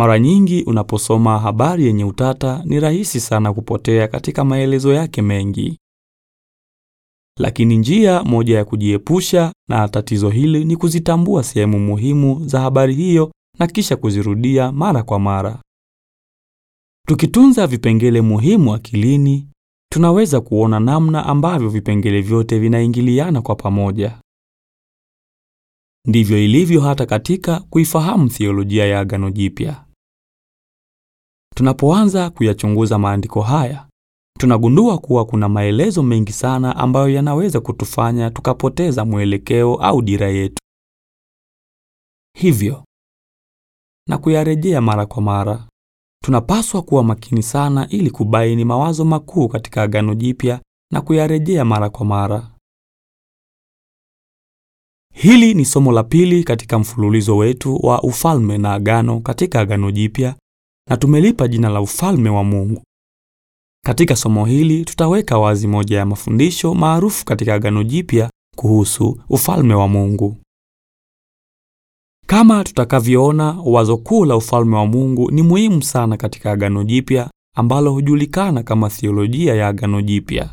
Mara nyingi unaposoma habari yenye utata, ni rahisi sana kupotea katika maelezo yake mengi. Lakini njia moja ya kujiepusha na tatizo hili ni kuzitambua sehemu muhimu za habari hiyo na kisha kuzirudia mara kwa mara. Tukitunza vipengele muhimu akilini, tunaweza kuona namna ambavyo vipengele vyote vinaingiliana kwa pamoja. Ndivyo ilivyo hata katika kuifahamu theolojia ya Agano Jipya. Tunapoanza kuyachunguza maandiko haya, tunagundua kuwa kuna maelezo mengi sana ambayo yanaweza kutufanya tukapoteza mwelekeo au dira yetu. Hivyo, na kuyarejea mara kwa mara, tunapaswa kuwa makini sana ili kubaini mawazo makuu katika Agano Jipya na kuyarejea mara kwa mara. Hili ni somo la pili katika mfululizo wetu wa Ufalme na Agano katika Agano Jipya na tumelipa jina la ufalme wa Mungu. Katika somo hili tutaweka wazi moja ya mafundisho maarufu katika Agano Jipya kuhusu ufalme wa Mungu. Kama tutakavyoona, wazo kuu la ufalme wa Mungu ni muhimu sana katika Agano Jipya ambalo hujulikana kama theolojia ya Agano Jipya.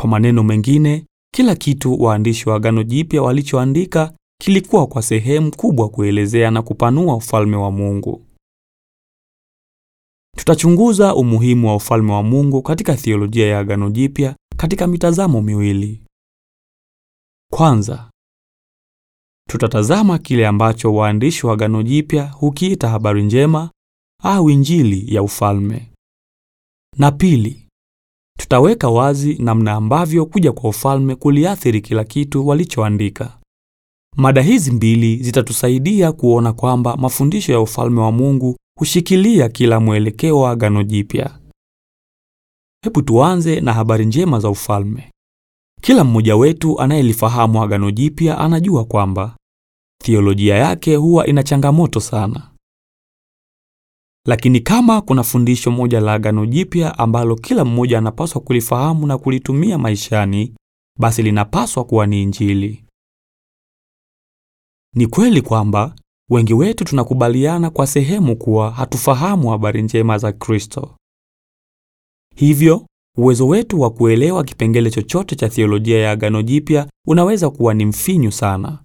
Kwa maneno mengine, kila kitu waandishi wa Agano Jipya walichoandika kilikuwa kwa sehemu kubwa kuelezea na kupanua ufalme wa Mungu. Tutachunguza umuhimu wa ufalme wa Mungu katika theolojia ya Agano Jipya katika mitazamo miwili. Kwanza, tutatazama kile ambacho waandishi wa Agano Jipya hukiita habari njema au injili ya ufalme. Na pili, tutaweka wazi namna ambavyo kuja kwa ufalme kuliathiri kila kitu walichoandika. Mada hizi mbili zitatusaidia kuona kwamba mafundisho ya ufalme wa Mungu hushikilia kila mwelekeo wa Agano Jipya. Hebu tuanze na habari njema za ufalme. Kila mmoja wetu anayelifahamu Agano Jipya anajua kwamba theolojia yake huwa ina changamoto sana. Lakini kama kuna fundisho moja la Agano Jipya ambalo kila mmoja anapaswa kulifahamu na kulitumia maishani, basi linapaswa kuwa ni Injili. Ni kweli kwamba Wengi wetu tunakubaliana kwa sehemu kuwa hatufahamu habari njema za Kristo. Hivyo, uwezo wetu wa kuelewa kipengele chochote cha theolojia ya Agano Jipya unaweza kuwa ni mfinyu sana.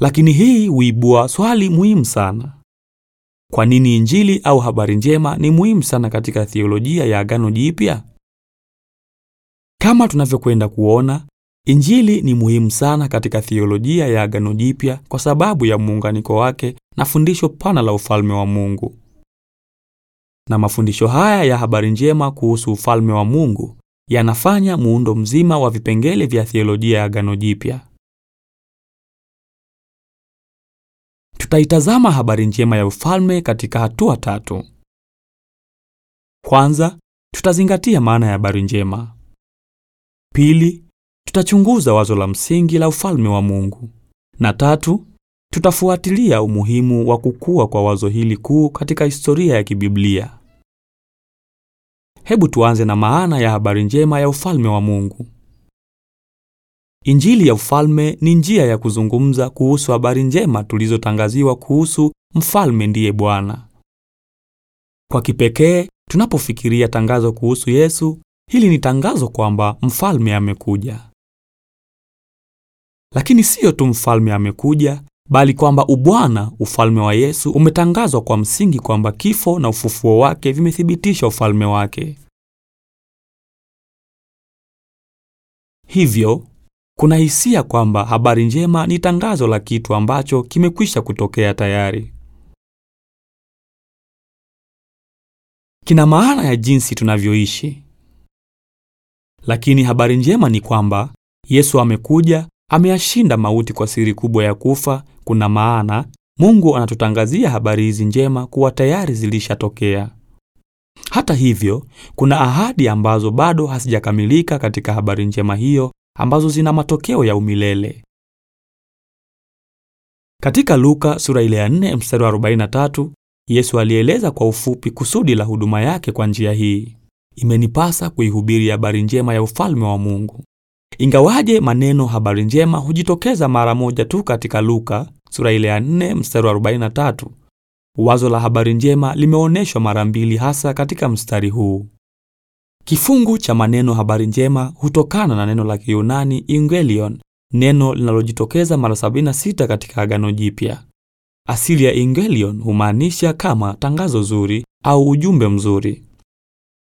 Lakini hii huibua swali muhimu sana. Kwa nini Injili au habari njema ni muhimu sana katika theolojia ya Agano Jipya? Kama tunavyokwenda kuona, Injili ni muhimu sana katika theolojia ya Agano Jipya kwa sababu ya muunganiko wake na fundisho pana la ufalme wa Mungu. Na mafundisho haya ya habari njema kuhusu ufalme wa Mungu yanafanya muundo mzima wa vipengele vya theolojia ya Agano Jipya. Tutaitazama habari njema ya ufalme katika hatua tatu. Kwanza, tutazingatia maana ya habari njema. Pili, tutachunguza wazo la msingi la ufalme wa Mungu, na tatu, tutafuatilia umuhimu wa kukua kwa wazo hili kuu katika historia ya kibiblia. Hebu tuanze na maana ya habari njema ya ufalme wa Mungu. Injili ya ufalme ni njia ya kuzungumza kuhusu habari njema tulizotangaziwa kuhusu mfalme ndiye Bwana. Kwa kipekee, tunapofikiria tangazo kuhusu Yesu, hili ni tangazo kwamba mfalme amekuja. Lakini siyo tu mfalme amekuja, bali kwamba ubwana, ufalme wa Yesu umetangazwa kwa msingi kwamba kifo na ufufuo wake vimethibitisha ufalme wake. Hivyo kuna hisia kwamba habari njema ni tangazo la kitu ambacho kimekwisha kutokea tayari. Kina maana ya jinsi tunavyoishi. Lakini habari njema ni kwamba Yesu amekuja Ameyashinda mauti kwa siri kubwa ya kufa. Kuna maana Mungu anatutangazia habari hizi njema kuwa tayari zilishatokea. Hata hivyo, kuna ahadi ambazo bado hazijakamilika katika habari njema hiyo ambazo zina matokeo ya umilele. Katika Luka sura ile ya 4 mstari wa 43, Yesu alieleza kwa ufupi kusudi la huduma yake kwa njia hii. Imenipasa kuihubiri habari njema ya ufalme wa Mungu. Ingawaje maneno habari njema hujitokeza mara moja tu katika Luka sura ile ya 4 mstari wa 43, wazo la habari njema limeonyeshwa mara mbili, hasa katika mstari huu. Kifungu cha maneno habari njema hutokana na neno la Kiyunani ingelion, neno linalojitokeza mara 76 katika Agano Jipya. Asili ya ingelion humaanisha kama tangazo zuri au ujumbe mzuri.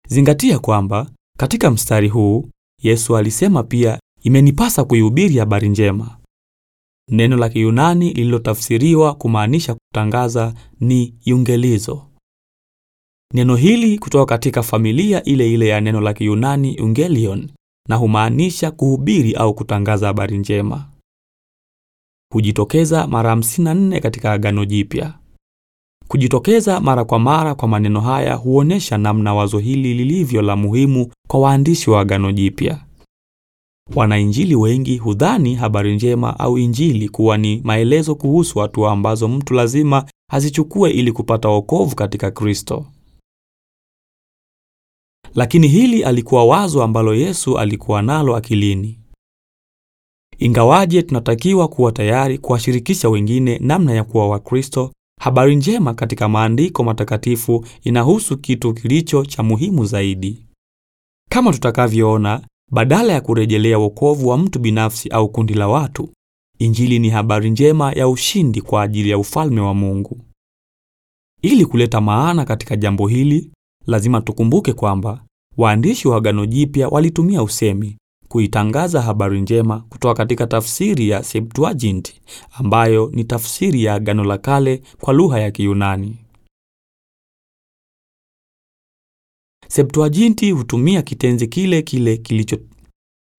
Zingatia kwamba katika mstari huu Yesu alisema pia, imenipasa kuihubiri habari njema. Neno la Kiyunani lililotafsiriwa kumaanisha kutangaza ni yungelizo. Neno hili kutoka katika familia ile ile ya neno la Kiyunani yungelion na humaanisha kuhubiri au kutangaza habari njema. Hujitokeza mara 54 katika Agano Jipya. Kujitokeza mara kwa mara kwa maneno haya huonyesha namna wazo hili lilivyo la muhimu kwa waandishi wa Agano Jipya. Wanainjili wengi hudhani habari njema au injili kuwa ni maelezo kuhusu hatua ambazo mtu lazima azichukue ili kupata wokovu katika Kristo. Lakini hili alikuwa wazo ambalo Yesu alikuwa nalo akilini. Ingawaje tunatakiwa kuwa tayari kuwashirikisha wengine namna ya kuwa Wakristo, Habari njema katika maandiko matakatifu inahusu kitu kilicho cha muhimu zaidi. Kama tutakavyoona, badala ya kurejelea wokovu wa mtu binafsi au kundi la watu, Injili ni habari njema ya ushindi kwa ajili ya ufalme wa Mungu. Ili kuleta maana katika jambo hili, lazima tukumbuke kwamba waandishi wa Agano Jipya walitumia usemi kuitangaza habari njema kutoka katika tafsiri ya Septuagint ambayo ni tafsiri ya Agano la Kale kwa lugha ya Kiyunani. Septuaginti hutumia kitenzi kile kile kilicho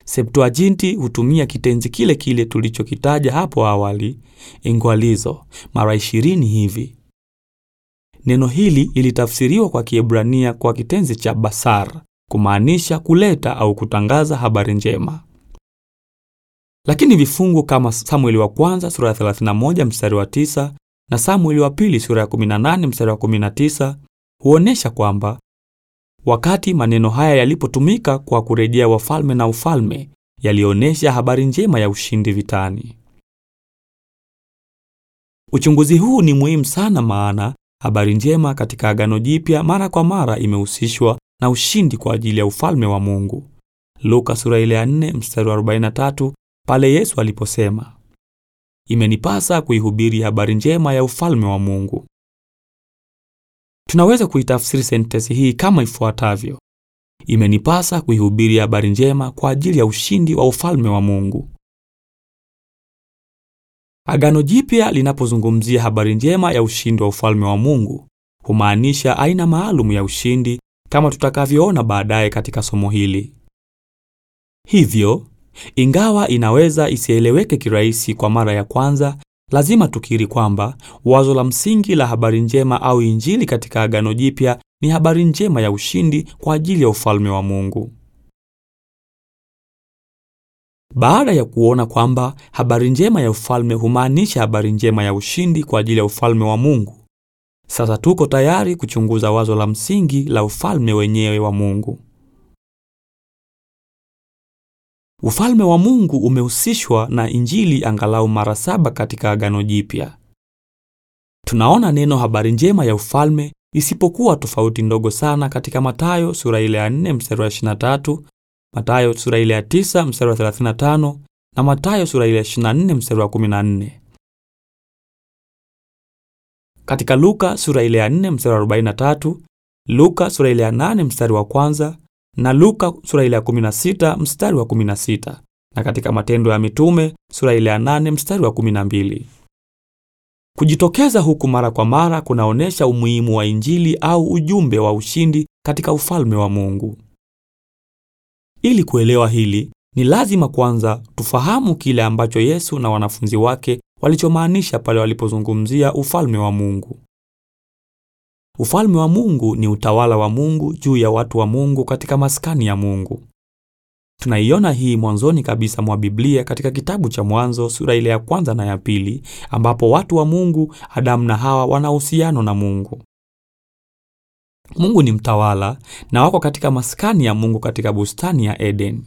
Septuaginti hutumia kitenzi kile kile tulichokitaja hapo awali, ingwalizo, mara ishirini hivi. Neno hili ilitafsiriwa kwa Kiebrania kwa kitenzi cha basar kumaanisha kuleta au kutangaza habari njema. Lakini vifungu kama Samueli wa kwanza sura ya 31 mstari wa 9 na Samueli wa pili sura ya 18 mstari wa 19 huonesha kwamba wakati maneno haya yalipotumika kwa kurejea wafalme na ufalme, yalionesha habari njema ya ushindi vitani. Uchunguzi huu ni muhimu sana, maana habari njema katika Agano Jipya mara kwa mara imehusishwa na ushindi kwa ajili ya ufalme wa Mungu. Luka sura ile ya 4 mstari wa 43, pale Yesu aliposema, imenipasa kuihubiri habari njema ya ufalme wa Mungu. Tunaweza kuitafsiri sentensi hii kama ifuatavyo: imenipasa kuihubiri habari njema kwa ajili ya ushindi wa ufalme wa Mungu. Agano Jipya linapozungumzia habari njema ya ushindi wa ufalme wa Mungu humaanisha aina maalum ya ushindi kama tutakavyoona baadaye katika somo hili. Hivyo, ingawa inaweza isieleweke kirahisi kwa mara ya kwanza, lazima tukiri kwamba wazo la msingi la habari njema au injili katika Agano Jipya ni habari njema ya ushindi kwa ajili ya ufalme wa Mungu. Baada ya kuona kwamba habari njema ya ufalme humaanisha habari njema ya ushindi kwa ajili ya ufalme wa Mungu, sasa tuko tayari kuchunguza wazo la msingi la ufalme wenyewe wa Mungu. Ufalme wa Mungu umehusishwa na Injili angalau mara saba katika Agano Jipya. Tunaona neno habari njema ya ufalme isipokuwa tofauti ndogo sana katika Mathayo sura ile ya 4 mstari wa 23, Mathayo sura ile ya 9 mstari wa 35 na Mathayo sura ile ya 24 mstari wa 14 katika Luka sura ile ya 4 mstari wa 43, Luka sura ile ya 8 mstari wa kwanza na Luka sura ile ya 16 mstari wa 16 na katika Matendo ya Mitume sura ile ya 8 mstari wa 12. Kujitokeza huku mara kwa mara kunaonesha umuhimu wa Injili au ujumbe wa ushindi katika ufalme wa Mungu. Ili kuelewa hili, ni lazima kwanza tufahamu kile ambacho Yesu na wanafunzi wake walichomaanisha pale walipozungumzia ufalme wa Mungu. Ufalme wa Mungu ni utawala wa Mungu juu ya watu wa Mungu katika maskani ya Mungu. Tunaiona hii mwanzoni kabisa mwa Biblia katika kitabu cha Mwanzo sura ile ya kwanza na ya pili, ambapo watu wa Mungu Adamu na Hawa wana uhusiano na Mungu. Mungu ni mtawala na wako katika maskani ya Mungu katika bustani ya Eden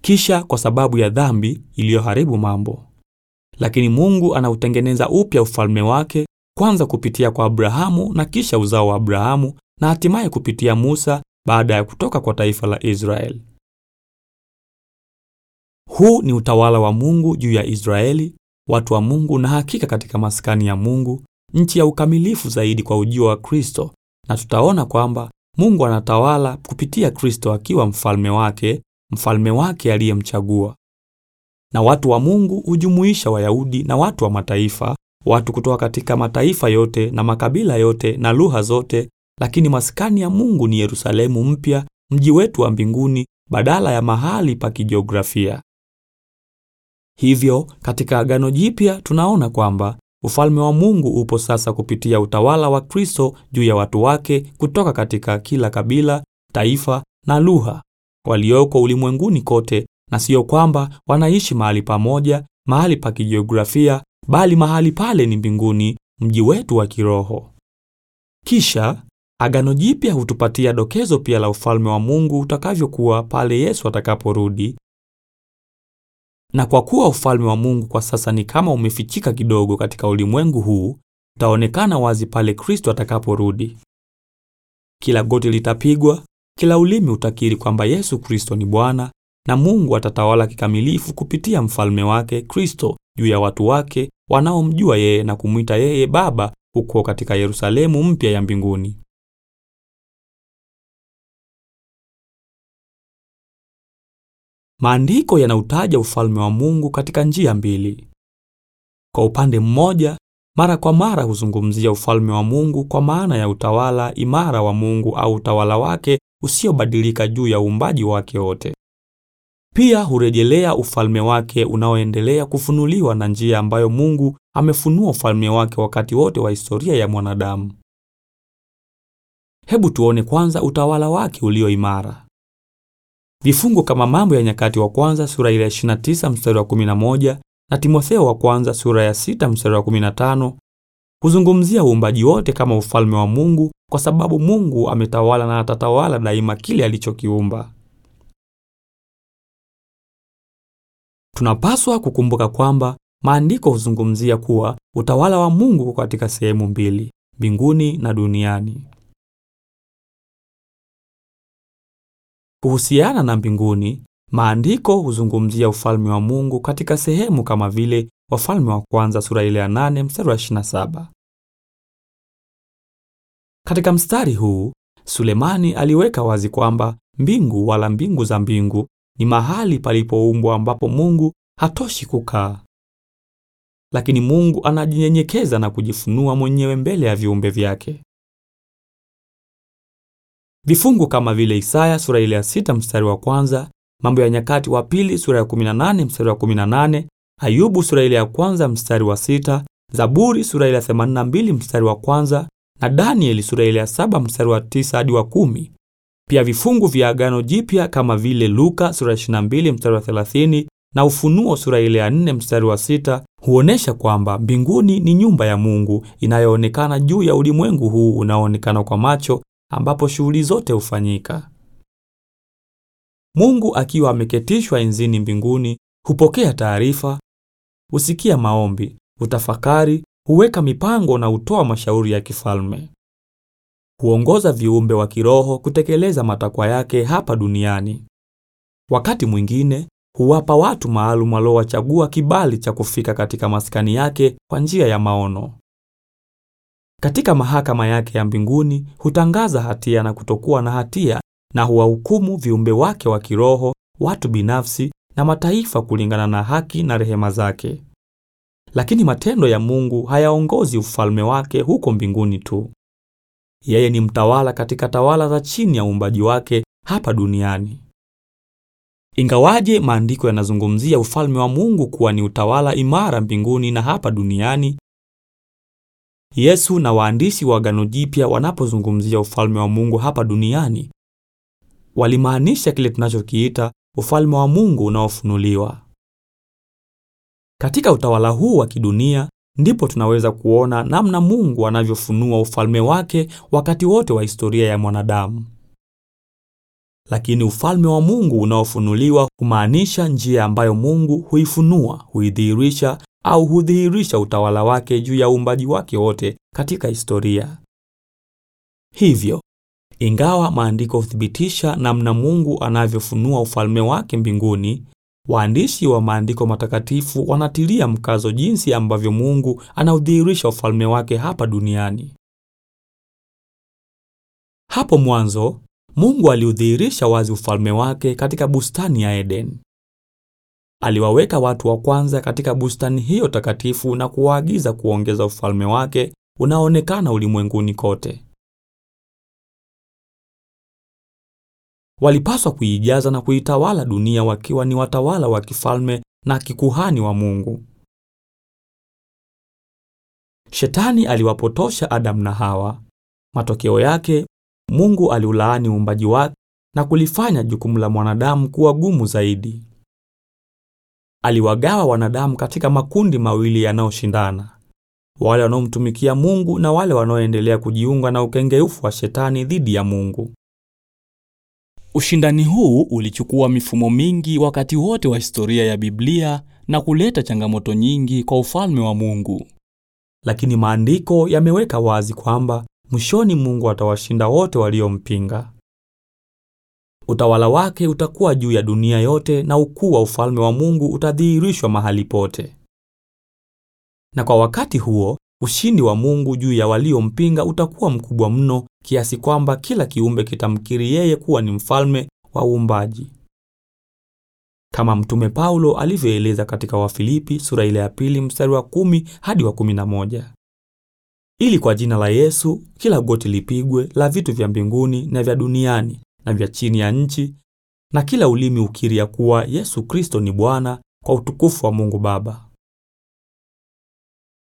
kisha kwa sababu ya dhambi iliyoharibu mambo. Lakini Mungu anautengeneza upya ufalme wake kwanza kupitia kwa Abrahamu na kisha uzao wa Abrahamu na hatimaye kupitia Musa baada ya kutoka kwa taifa la Israeli. Huu ni utawala wa Mungu juu ya Israeli, watu wa Mungu na hakika katika maskani ya Mungu, nchi ya ukamilifu zaidi kwa ujio wa Kristo. Na tutaona kwamba Mungu anatawala kupitia Kristo akiwa mfalme wake mfalme wake aliyemchagua. Na watu wa Mungu hujumuisha Wayahudi na watu wa mataifa, watu kutoka katika mataifa yote na makabila yote na lugha zote, lakini maskani ya Mungu ni Yerusalemu mpya, mji wetu wa mbinguni badala ya mahali pa kijiografia. Hivyo katika Agano Jipya tunaona kwamba ufalme wa Mungu upo sasa kupitia utawala wa Kristo juu ya watu wake kutoka katika kila kabila, taifa na lugha walioko ulimwenguni kote, na sio kwamba wanaishi mahali pamoja, mahali pa kijiografia, bali mahali pale ni mbinguni, mji wetu wa kiroho. Kisha Agano Jipya hutupatia dokezo pia la ufalme wa Mungu utakavyokuwa pale Yesu atakaporudi. Na kwa kuwa ufalme wa Mungu kwa sasa ni kama umefichika kidogo katika ulimwengu huu, utaonekana wazi pale Kristo atakaporudi. Kila goti litapigwa, kila ulimi utakiri kwamba Yesu Kristo ni Bwana na Mungu atatawala kikamilifu kupitia mfalme wake Kristo juu ya watu wake wanaomjua yeye na kumwita yeye Baba huko katika Yerusalemu mpya ya mbinguni. Maandiko yanautaja ufalme wa Mungu katika njia mbili. Kwa upande mmoja, mara kwa mara huzungumzia ufalme wa Mungu kwa maana ya utawala imara wa Mungu au utawala wake usiobadilika juu ya uumbaji wake wote. Pia hurejelea ufalme wake unaoendelea kufunuliwa na njia ambayo Mungu amefunua ufalme wake wakati wote wa historia ya mwanadamu. Hebu tuone kwanza utawala wake ulio imara. Vifungo kama Mambo ya Nyakati wa Kwanza sura ile ya 29 mstari wa 11 na Timotheo wa Kwanza sura ya 6 mstari wa 15 huzungumzia uumbaji wote kama ufalme wa Mungu kwa sababu Mungu ametawala na atatawala daima kile alichokiumba. Tunapaswa kukumbuka kwamba maandiko huzungumzia kuwa utawala wa Mungu uko katika sehemu mbili, mbinguni na duniani. Kuhusiana na mbinguni, maandiko huzungumzia ufalme wa Mungu katika sehemu kama vile Wafalme wa kwanza sura ile ya 8 mstari wa 27. Katika mstari huu Sulemani aliweka wazi kwamba mbingu wala mbingu za mbingu ni mahali palipoumbwa ambapo Mungu hatoshi kukaa, lakini Mungu anajinyenyekeza na kujifunua mwenyewe mbele ya viumbe vyake. Vifungu kama vile Isaya sura ile ya sita mstari wa kwanza, Mambo ya Nyakati wa pili sura ya 18 mstari wa 18, Ayubu sura ile ya kwanza mstari wa sita, Zaburi sura ile ya 82 mstari wa kwanza na Danieli sura ile ya saba mstari wa tisa hadi wa kumi. Pia vifungu vya Agano Jipya kama vile Luka sura ya 22 mstari wa 30 na Ufunuo sura ile ya 4 mstari wa sita huonesha kwamba mbinguni ni nyumba ya Mungu inayoonekana juu ya ulimwengu huu unaoonekana kwa macho ambapo shughuli zote hufanyika. Mungu akiwa ameketishwa enzini mbinguni hupokea taarifa, husikia maombi, utafakari huweka mipango na hutoa mashauri ya kifalme. Huongoza viumbe wa kiroho kutekeleza matakwa yake hapa duniani. Wakati mwingine huwapa watu maalum waliowachagua kibali cha kufika katika maskani yake kwa njia ya maono. Katika mahakama yake ya mbinguni hutangaza hatia na kutokuwa na hatia, na huwahukumu viumbe wake wa kiroho, watu binafsi na mataifa kulingana na haki na rehema zake lakini matendo ya Mungu hayaongozi ufalme wake huko mbinguni tu. Yeye ni mtawala katika tawala za chini ya uumbaji wake hapa duniani. Ingawaje maandiko yanazungumzia ufalme wa Mungu kuwa ni utawala imara mbinguni na hapa duniani, Yesu na waandishi wa Agano Jipya wanapozungumzia ufalme wa Mungu hapa duniani, walimaanisha kile tunachokiita ufalme wa Mungu unaofunuliwa. Katika utawala huu wa kidunia ndipo tunaweza kuona namna Mungu anavyofunua ufalme wake wakati wote wa historia ya mwanadamu. Lakini ufalme wa Mungu unaofunuliwa humaanisha njia ambayo Mungu huifunua, huidhihirisha au hudhihirisha utawala wake juu ya uumbaji wake wote katika historia. Hivyo, ingawa maandiko huthibitisha namna Mungu anavyofunua ufalme wake mbinguni, Waandishi wa maandiko matakatifu wanatilia mkazo jinsi ambavyo Mungu anaudhihirisha ufalme wake hapa duniani. Hapo mwanzo Mungu aliudhihirisha wazi ufalme wake katika bustani ya Eden. Aliwaweka watu wa kwanza katika bustani hiyo takatifu na kuwaagiza kuongeza ufalme wake unaoonekana ulimwenguni kote. walipaswa kuijaza na kuitawala dunia wakiwa ni watawala wa kifalme na kikuhani wa Mungu. Shetani aliwapotosha Adamu na Hawa. Matokeo yake, Mungu aliulaani uumbaji wake na kulifanya jukumu la mwanadamu kuwa gumu zaidi. Aliwagawa wanadamu katika makundi mawili yanayoshindana, wale wanaomtumikia Mungu na wale wanaoendelea kujiunga na ukengeufu wa Shetani dhidi ya Mungu. Ushindani huu ulichukua mifumo mingi wakati wote wa historia ya Biblia na kuleta changamoto nyingi kwa ufalme wa Mungu. Lakini maandiko yameweka wazi kwamba mwishoni Mungu atawashinda wote waliompinga. Utawala wake utakuwa juu ya dunia yote na ukuu wa ufalme wa Mungu utadhihirishwa mahali pote. Na kwa wakati huo, Ushindi wa Mungu juu ya waliompinga utakuwa mkubwa mno kiasi kwamba kila kiumbe kitamkiri yeye kuwa ni mfalme wa uumbaji. Kama Mtume Paulo alivyoeleza katika Wafilipi sura ile ya pili mstari wa kumi hadi wa kumi na moja. Ili kwa jina la Yesu kila goti lipigwe la vitu vya mbinguni na vya duniani na vya chini ya nchi na kila ulimi ukiri ya kuwa Yesu Kristo ni Bwana kwa utukufu wa Mungu Baba.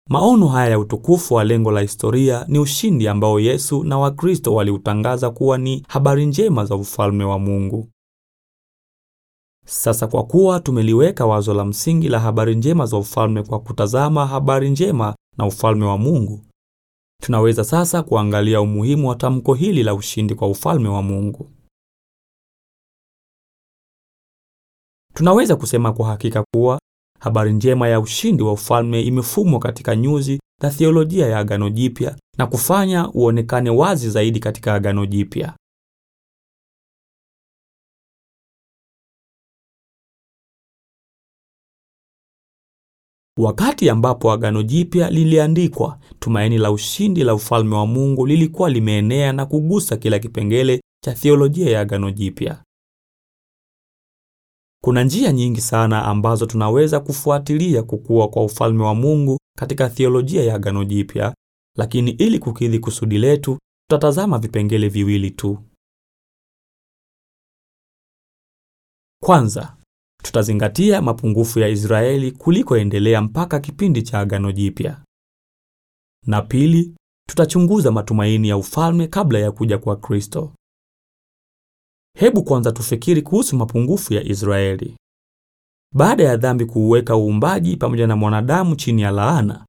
Maono haya ya utukufu wa lengo la historia ni ushindi ambao Yesu na Wakristo waliutangaza kuwa ni habari njema za ufalme wa Mungu. Sasa kwa kuwa tumeliweka wazo la msingi la habari njema za ufalme kwa kutazama habari njema na ufalme wa Mungu, tunaweza sasa kuangalia umuhimu wa tamko hili la ushindi kwa ufalme wa Mungu. Tunaweza kusema kwa hakika kuwa Habari njema ya ushindi wa ufalme imefumwa katika nyuzi na theolojia ya Agano Jipya na kufanya uonekane wazi zaidi katika Agano Jipya. Wakati ambapo Agano Jipya liliandikwa, tumaini la ushindi la ufalme wa Mungu lilikuwa limeenea na kugusa kila kipengele cha theolojia ya Agano Jipya. Kuna njia nyingi sana ambazo tunaweza kufuatilia kukua kwa ufalme wa Mungu katika theolojia ya Agano Jipya, lakini ili kukidhi kusudi letu, tutatazama vipengele viwili tu. Kwanza, tutazingatia mapungufu ya Israeli kulikoendelea mpaka kipindi cha Agano Jipya. Na pili, tutachunguza matumaini ya ufalme kabla ya kuja kwa Kristo. Hebu kwanza tufikiri kuhusu mapungufu ya Israeli. Baada ya dhambi kuuweka uumbaji pamoja na mwanadamu chini ya laana,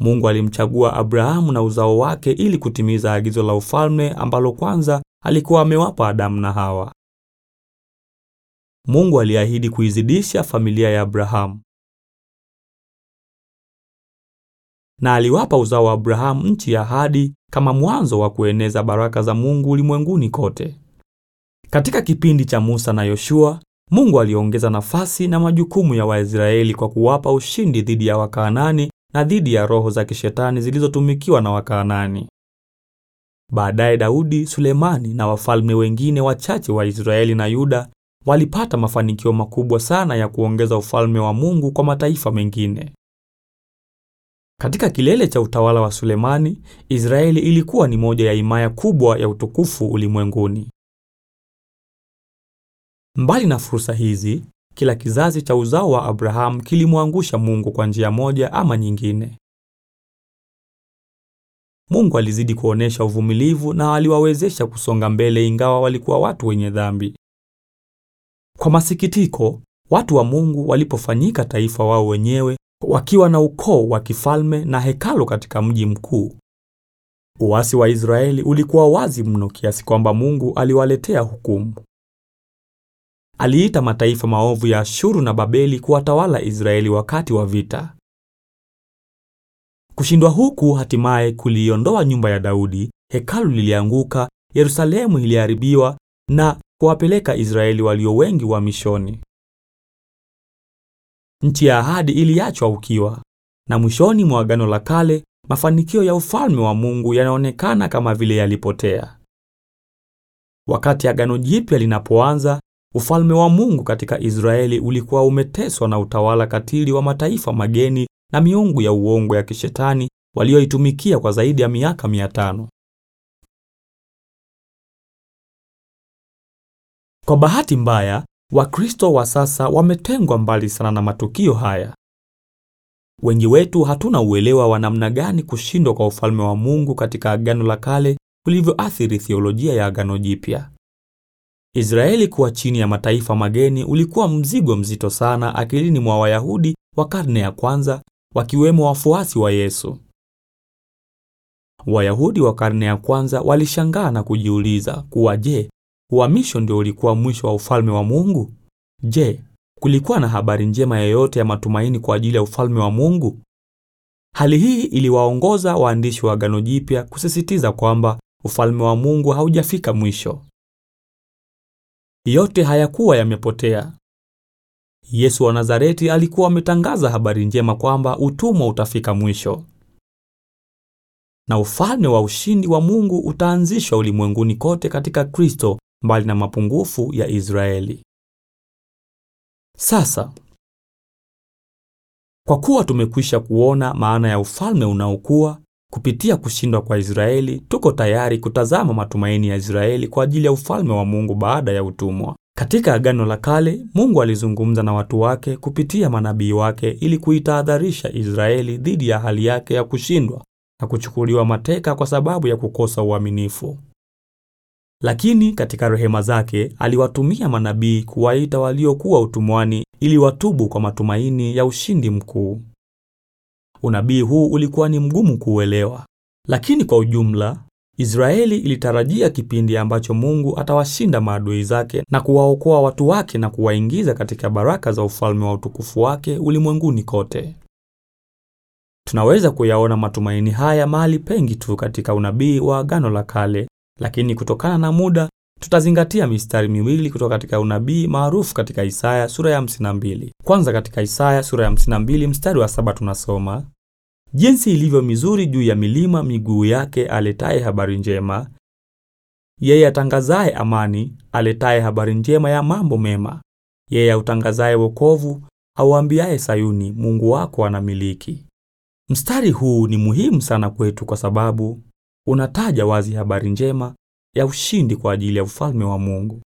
Mungu alimchagua Abrahamu na uzao wake ili kutimiza agizo la ufalme ambalo kwanza alikuwa amewapa Adamu na Hawa. Mungu aliahidi kuizidisha familia ya Abrahamu na aliwapa uzao wa Abrahamu nchi ya ahadi kama mwanzo wa kueneza baraka za Mungu ulimwenguni kote. Katika kipindi cha Musa na Yoshua, Mungu aliongeza nafasi na majukumu ya Waisraeli kwa kuwapa ushindi dhidi ya Wakaanani na dhidi ya roho za kishetani zilizotumikiwa na Wakaanani. Baadaye Daudi, Sulemani na wafalme wengine wachache wa Israeli na Yuda walipata mafanikio makubwa sana ya kuongeza ufalme wa Mungu kwa mataifa mengine. Katika kilele cha utawala wa Sulemani, Israeli ilikuwa ni moja ya himaya kubwa ya utukufu ulimwenguni. Mbali na fursa hizi, kila kizazi cha uzao wa Abrahamu kilimwangusha Mungu kwa njia moja ama nyingine. Mungu alizidi kuonesha uvumilivu na aliwawezesha kusonga mbele ingawa walikuwa watu wenye dhambi. Kwa masikitiko, watu wa Mungu walipofanyika taifa wao wenyewe wakiwa na ukoo wa kifalme na hekalo katika mji mkuu. Uasi wa Israeli ulikuwa wazi mno kiasi kwamba Mungu aliwaletea hukumu aliita mataifa maovu ya Ashuru na Babeli kuwatawala Israeli wakati wa vita. Kushindwa huku hatimaye kuliondoa nyumba ya Daudi, hekalu lilianguka, Yerusalemu iliharibiwa na kuwapeleka Israeli walio wengi wa mishoni Nchi ya ahadi iliachwa ukiwa, na mwishoni mwa Agano la Kale mafanikio ya ufalme wa Mungu yanaonekana kama vile yalipotea. Wakati Agano Jipya linapoanza, Ufalme wa Mungu katika Israeli ulikuwa umeteswa na utawala katili wa mataifa mageni na miungu ya uongo ya kishetani walioitumikia kwa zaidi ya miaka 500. Kwa bahati mbaya, Wakristo wa sasa wametengwa mbali sana na matukio haya. Wengi wetu hatuna uelewa wa namna gani kushindwa kwa ufalme wa Mungu katika Agano la Kale kulivyoathiri theolojia ya Agano Jipya. Israeli kuwa chini ya mataifa mageni ulikuwa mzigo mzito sana akilini mwa Wayahudi wa karne ya kwanza, wakiwemo wafuasi wa Yesu. Wayahudi wa karne ya kwanza walishangaa na kujiuliza kuwa je, uhamisho ndio ulikuwa mwisho wa ufalme wa Mungu? Je, kulikuwa na habari njema yoyote ya matumaini kwa ajili ya ufalme wa Mungu? Hali hii iliwaongoza waandishi wa Agano Jipya kusisitiza kwamba ufalme wa Mungu haujafika mwisho yote hayakuwa yamepotea. Yesu wa Nazareti alikuwa ametangaza habari njema kwamba utumwa utafika mwisho na ufalme wa ushindi wa Mungu utaanzishwa ulimwenguni kote katika Kristo, mbali na mapungufu ya Israeli. Sasa, kwa kuwa tumekwisha kuona maana ya ufalme unaokuwa, Kupitia kushindwa kwa Israeli, tuko tayari kutazama matumaini ya Israeli kwa ajili ya ufalme wa Mungu baada ya utumwa. Katika Agano la Kale, Mungu alizungumza na watu wake kupitia manabii wake ili kuitahadharisha Israeli dhidi ya hali yake ya kushindwa na kuchukuliwa mateka kwa sababu ya kukosa uaminifu. Lakini katika rehema zake aliwatumia manabii kuwaita waliokuwa utumwani ili watubu kwa matumaini ya ushindi mkuu. Unabii huu ulikuwa ni mgumu kuuelewa, lakini kwa ujumla Israeli ilitarajia kipindi ambacho Mungu atawashinda maadui zake na kuwaokoa watu wake na kuwaingiza katika baraka za ufalme wa utukufu wake ulimwenguni kote. Tunaweza kuyaona matumaini haya mahali pengi tu katika unabii wa Agano la Kale, lakini kutokana na muda Tutazingatia mistari miwili kutoka katika unabii maarufu katika Isaya sura ya 52. Kwanza katika Isaya sura ya 52 mstari wa saba tunasoma jinsi ilivyo mizuri juu ya milima miguu yake aletaye habari njema, yeye atangazaye amani, aletaye habari njema ya mambo mema, yeye autangazaye wokovu, auambiaye Sayuni, Mungu wako anamiliki. Mstari huu ni muhimu sana kwetu kwa sababu unataja wazi habari njema ya ushindi kwa ajili ya ufalme wa Mungu.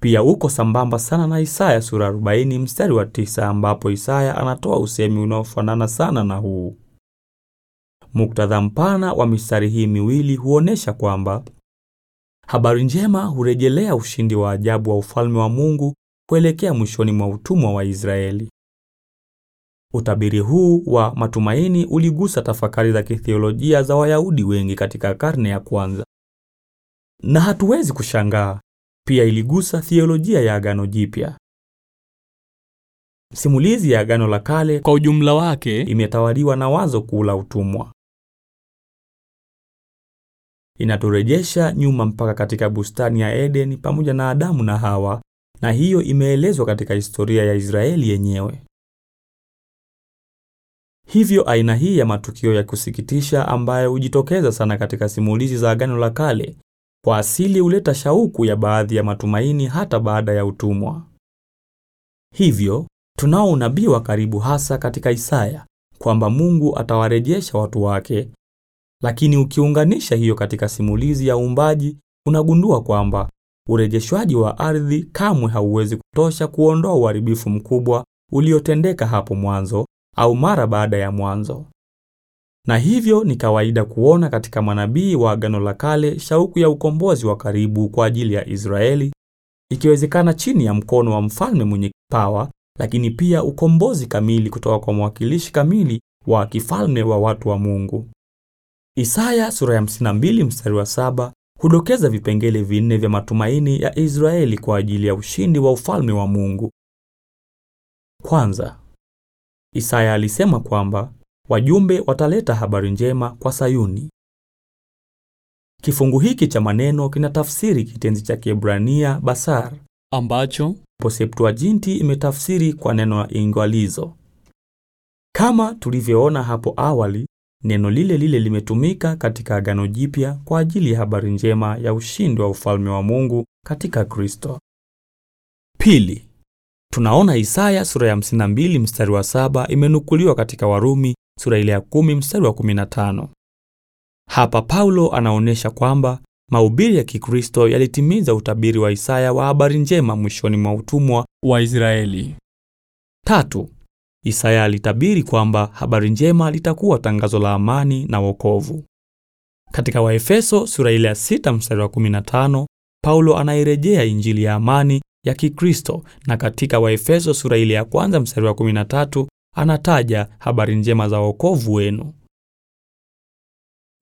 Pia uko sambamba sana na Isaya sura 40 mstari wa tisa ambapo Isaya anatoa usemi unaofanana sana na huu. Muktadha mpana wa mistari hii miwili huonesha kwamba habari njema hurejelea ushindi wa ajabu wa ufalme wa Mungu kuelekea mwishoni mwa utumwa wa Israeli. Utabiri huu wa matumaini uligusa tafakari za kithiolojia za Wayahudi wengi katika karne ya kwanza, na hatuwezi kushangaa, pia iligusa thiolojia ya Agano Jipya. Simulizi ya Agano la Kale kwa ujumla wake imetawaliwa na wazo kuu la utumwa. Inaturejesha nyuma mpaka katika bustani ya Edeni pamoja na Adamu na Hawa, na hiyo imeelezwa katika historia ya Israeli yenyewe. Hivyo aina hii ya matukio ya kusikitisha ambayo hujitokeza sana katika simulizi za Agano la Kale kwa asili huleta shauku ya baadhi ya matumaini hata baada ya utumwa. Hivyo tunao unabii wa karibu hasa katika Isaya kwamba Mungu atawarejesha watu wake. Lakini ukiunganisha hiyo katika simulizi ya uumbaji, unagundua kwamba urejeshwaji wa ardhi kamwe hauwezi kutosha kuondoa uharibifu mkubwa uliotendeka hapo mwanzo au mara baada ya mwanzo. Na hivyo ni kawaida kuona katika manabii wa Agano la Kale shauku ya ukombozi wa karibu kwa ajili ya Israeli, ikiwezekana chini ya mkono wa mfalme mwenye kipawa, lakini pia ukombozi kamili kutoka kwa mwakilishi kamili wa kifalme wa watu wa Mungu. Isaya sura ya 52 mstari wa saba hudokeza vipengele vinne vya matumaini ya Israeli kwa ajili ya ushindi wa ufalme wa Mungu. Kwanza, Isaya alisema kwamba wajumbe wataleta habari njema kwa Sayuni. Kifungu hiki cha maneno kinatafsiri kitenzi cha Kiebrania basar ambacho Septuaginti imetafsiri kwa neno la ingwalizo. Kama tulivyoona hapo awali, neno lile lile limetumika katika Agano Jipya kwa ajili ya habari njema ya ushindi wa ufalme wa Mungu katika Kristo. Pili, Tunaona Isaya sura ya 52 mstari wa 7 imenukuliwa katika Warumi sura ile ya 10 mstari wa 15. Hapa Paulo anaonyesha kwamba mahubiri ya Kikristo yalitimiza utabiri wa Isaya wa habari njema mwishoni mwa utumwa wa Israeli. Tatu, Isaya alitabiri kwamba habari njema litakuwa tangazo la amani na wokovu. Katika Waefeso sura ile ya 6 mstari wa 15, Paulo anairejea injili ya amani ya Kikristo. Na katika Waefeso sura ile ya kwanza mstari wa 13 anataja habari njema za wokovu wenu.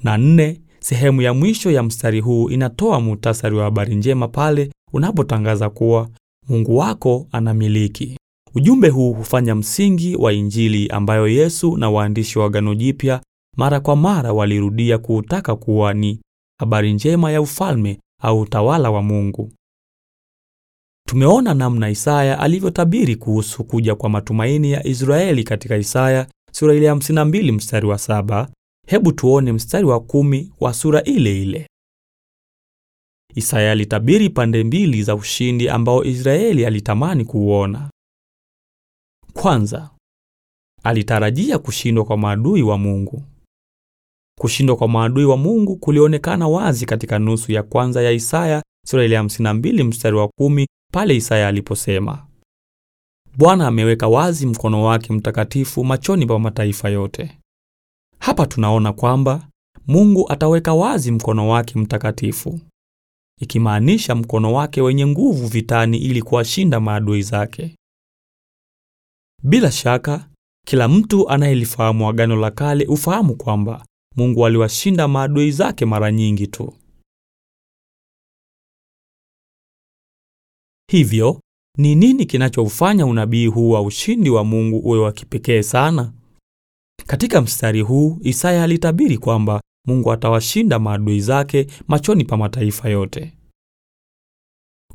Na nne, sehemu ya mwisho ya mstari huu inatoa muhtasari wa habari njema pale unapotangaza kuwa Mungu wako anamiliki. Ujumbe huu hufanya msingi wa Injili ambayo Yesu na waandishi wa Agano Jipya mara kwa mara walirudia kuutaka kuwa ni habari njema ya ufalme au utawala wa Mungu. Tumeona namna Isaya alivyotabiri kuhusu kuja kwa matumaini ya Israeli katika Isaya sura ile ya 52 mstari wa saba. Hebu tuone mstari wa kumi wa sura ile ile. Isaya alitabiri pande mbili za ushindi ambao Israeli alitamani kuuona. Kwanza, alitarajia kushindwa kwa maadui wa Mungu. Kushindwa kwa maadui wa Mungu kulionekana wazi katika nusu ya kwanza ya Isaya sura ile ya 52 mstari wa kumi pale Isaya aliposema, Bwana ameweka wazi mkono wake mtakatifu machoni pa mataifa yote. Hapa tunaona kwamba Mungu ataweka wazi mkono wake mtakatifu, ikimaanisha mkono wake wenye nguvu vitani ili kuwashinda maadui zake. Bila shaka, kila mtu anayelifahamu Agano la Kale ufahamu kwamba Mungu aliwashinda maadui zake mara nyingi tu. Hivyo, ni nini kinachoufanya unabii huu wa ushindi wa Mungu uwe wa kipekee sana? Katika mstari huu, Isaya alitabiri kwamba Mungu atawashinda maadui zake machoni pa mataifa yote.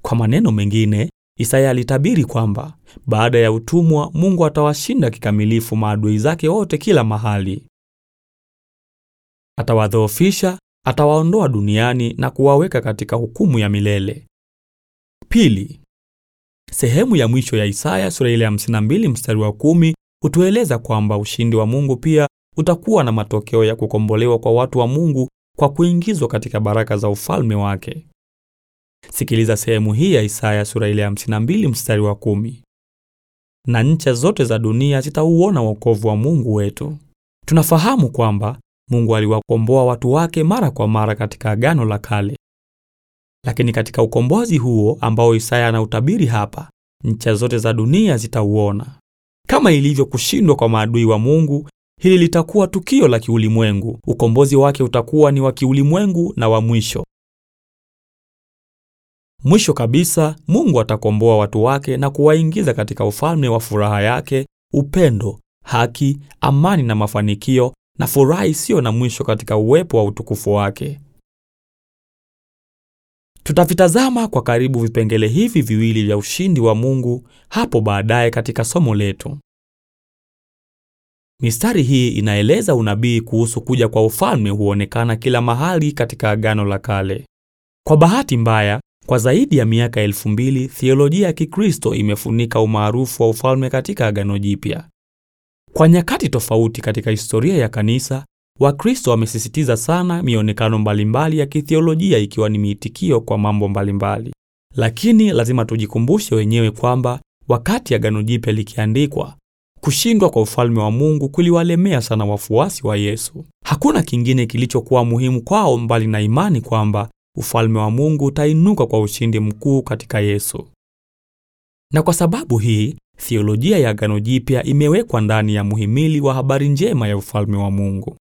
Kwa maneno mengine, Isaya alitabiri kwamba baada ya utumwa, Mungu atawashinda kikamilifu maadui zake wote kila mahali. Atawadhoofisha, atawaondoa duniani na kuwaweka katika hukumu ya milele. Pili, Sehemu ya mwisho ya Isaya sura ile ya 52 mstari wa kumi hutueleza kwamba ushindi wa Mungu pia utakuwa na matokeo ya kukombolewa kwa watu wa Mungu kwa kuingizwa katika baraka za ufalme wake. Sikiliza sehemu hii ya Isaya sura ile ya 52 mstari wa kumi. Na ncha zote za dunia zitauona wokovu wa Mungu wetu. Tunafahamu kwamba Mungu aliwakomboa watu wake mara kwa mara katika Agano la Kale. Lakini katika ukombozi huo ambao Isaya anautabiri hapa, ncha zote za dunia zitauona. Kama ilivyo kushindwa kwa maadui wa Mungu, hili litakuwa tukio la kiulimwengu. Ukombozi wake utakuwa ni wa kiulimwengu na wa mwisho. Mwisho kabisa, Mungu atakomboa watu wake na kuwaingiza katika ufalme wa furaha yake, upendo, haki, amani na mafanikio, na furaha isiyo na mwisho katika uwepo wa utukufu wake. Tutavitazama kwa karibu vipengele hivi viwili vya ushindi wa Mungu hapo baadaye katika somo letu. Mistari hii inaeleza unabii kuhusu kuja kwa ufalme huonekana kila mahali katika Agano la Kale. Kwa bahati mbaya, kwa zaidi ya miaka elfu mbili theolojia ya Kikristo imefunika umaarufu wa ufalme katika Agano Jipya. Kwa nyakati tofauti katika historia ya kanisa, Wakristo wamesisitiza sana mionekano mbalimbali ya kithiolojia ikiwa ni miitikio kwa mambo mbalimbali, lakini lazima tujikumbushe wenyewe kwamba wakati Agano Jipya likiandikwa, kushindwa kwa ufalme wa Mungu kuliwalemea sana wafuasi wa Yesu. Hakuna kingine kilichokuwa muhimu kwao mbali na imani kwamba ufalme wa Mungu utainuka kwa ushindi mkuu katika Yesu. Na kwa sababu hii, theolojia ya Agano Jipya imewekwa ndani ya muhimili wa habari njema ya ufalme wa Mungu.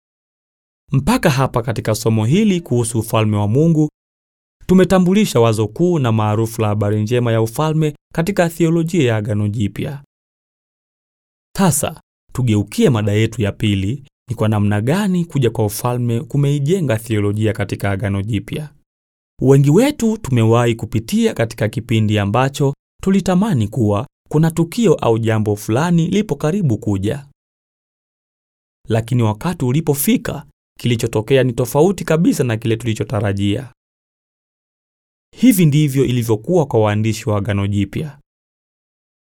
Mpaka hapa katika somo hili kuhusu ufalme wa Mungu tumetambulisha wazo kuu na maarufu la habari njema ya ufalme katika theolojia ya Agano Jipya. Sasa tugeukie mada yetu ya pili, ni kwa namna gani kuja kwa ufalme kumeijenga theolojia katika Agano Jipya. Wengi wetu tumewahi kupitia katika kipindi ambacho tulitamani kuwa kuna tukio au jambo fulani lipo karibu kuja, lakini wakati ulipofika Kilichotokea ni tofauti kabisa na kile tulichotarajia. Hivi ndivyo ilivyokuwa kwa waandishi wa Agano Jipya.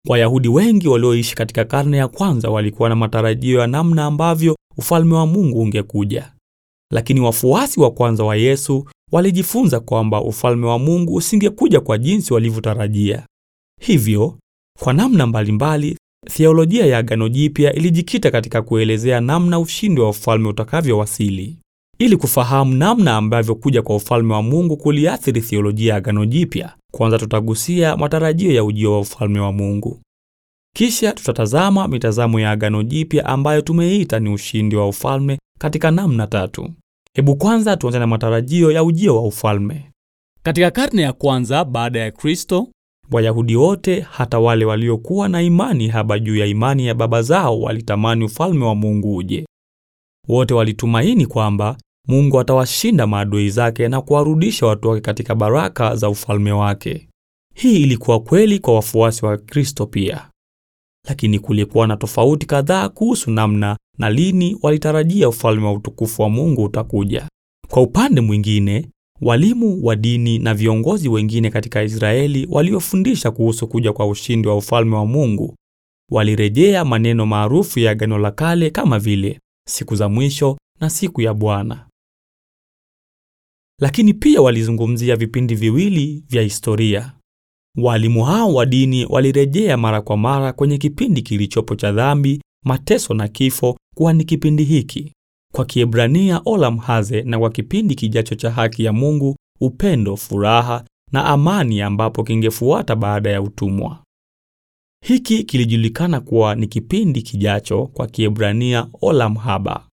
Wayahudi wengi walioishi katika karne ya kwanza walikuwa na matarajio ya namna ambavyo ufalme wa Mungu ungekuja. Lakini wafuasi wa kwanza wa Yesu walijifunza kwamba ufalme wa Mungu usingekuja kwa jinsi walivyotarajia. Hivyo, kwa namna mbalimbali Theolojia ya Agano Jipya ilijikita katika kuelezea namna ushindi wa ufalme utakavyowasili. Ili kufahamu namna ambavyo kuja kwa ufalme wa Mungu kuliathiri theolojia ya Agano Jipya, kwanza tutagusia matarajio ya ujio wa ufalme wa Mungu. Kisha tutatazama mitazamo ya Agano Jipya ambayo tumeita ni ushindi wa ufalme katika namna tatu. Hebu kwanza tuanze na matarajio ya ujio wa ufalme. Katika karne ya kwanza baada ya Kristo, Wayahudi wote hata wale waliokuwa na imani haba juu ya imani ya baba zao walitamani ufalme wa Mungu uje. Wote walitumaini kwamba Mungu atawashinda maadui zake na kuwarudisha watu wake katika baraka za ufalme wake. Hii ilikuwa kweli kwa wafuasi wa Kristo pia. Lakini kulikuwa na tofauti kadhaa kuhusu namna na lini walitarajia ufalme wa utukufu wa Mungu utakuja. Kwa upande mwingine, Walimu wa dini na viongozi wengine katika Israeli waliofundisha kuhusu kuja kwa ushindi wa ufalme wa Mungu walirejea maneno maarufu ya Agano la Kale kama vile siku za mwisho na siku ya Bwana. Lakini pia walizungumzia vipindi viwili vya historia. Walimu hao wa dini walirejea mara kwa mara kwenye kipindi kilichopo cha dhambi, mateso na kifo kuwa ni kipindi hiki kwa Kiebrania Olam Haze, na kwa kipindi kijacho cha haki ya Mungu, upendo, furaha na amani, ambapo kingefuata baada ya utumwa. Hiki kilijulikana kuwa ni kipindi kijacho kwa Kiebrania Olam Haba.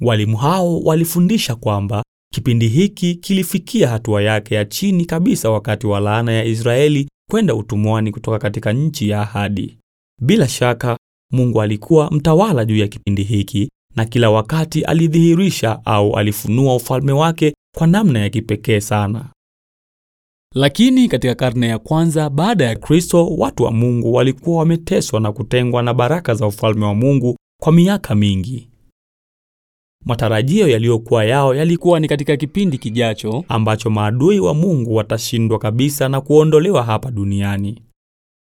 Walimu hao walifundisha kwamba kipindi hiki kilifikia hatua yake ya chini kabisa wakati wa laana ya Israeli kwenda utumwani kutoka katika nchi ya ahadi. Bila shaka Mungu alikuwa mtawala juu ya kipindi hiki na kila wakati alidhihirisha au alifunua ufalme wake kwa namna ya kipekee sana. Lakini katika karne ya kwanza baada ya Kristo, watu wa Mungu walikuwa wameteswa na kutengwa na baraka za ufalme wa Mungu kwa miaka mingi. Matarajio yaliyokuwa yao yalikuwa ni katika kipindi kijacho ambacho maadui wa Mungu watashindwa kabisa na kuondolewa hapa duniani.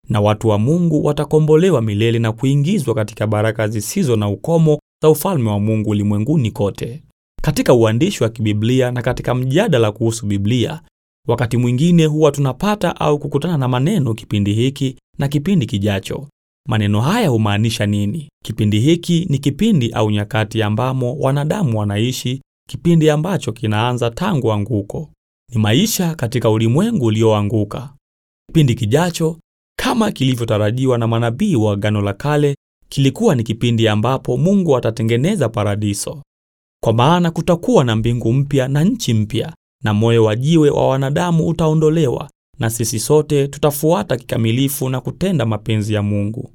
Na watu wa Mungu watakombolewa milele na kuingizwa katika baraka zisizo na ukomo za ufalme wa Mungu ulimwenguni kote. Katika uandishi wa kibiblia na katika mjadala kuhusu Biblia, wakati mwingine huwa tunapata au kukutana na maneno kipindi hiki na kipindi kijacho. Maneno haya humaanisha nini? Kipindi hiki ni kipindi au nyakati ambamo wanadamu wanaishi, kipindi ambacho kinaanza tangu anguko. Ni maisha katika ulimwengu ulioanguka. Kipindi kijacho, kama kilivyotarajiwa na manabii wa Agano la Kale, kilikuwa ni kipindi ambapo Mungu atatengeneza paradiso, kwa maana kutakuwa na mbingu mpya na nchi mpya, na moyo wa jiwe wa wanadamu utaondolewa, na sisi sote tutafuata kikamilifu na kutenda mapenzi ya Mungu.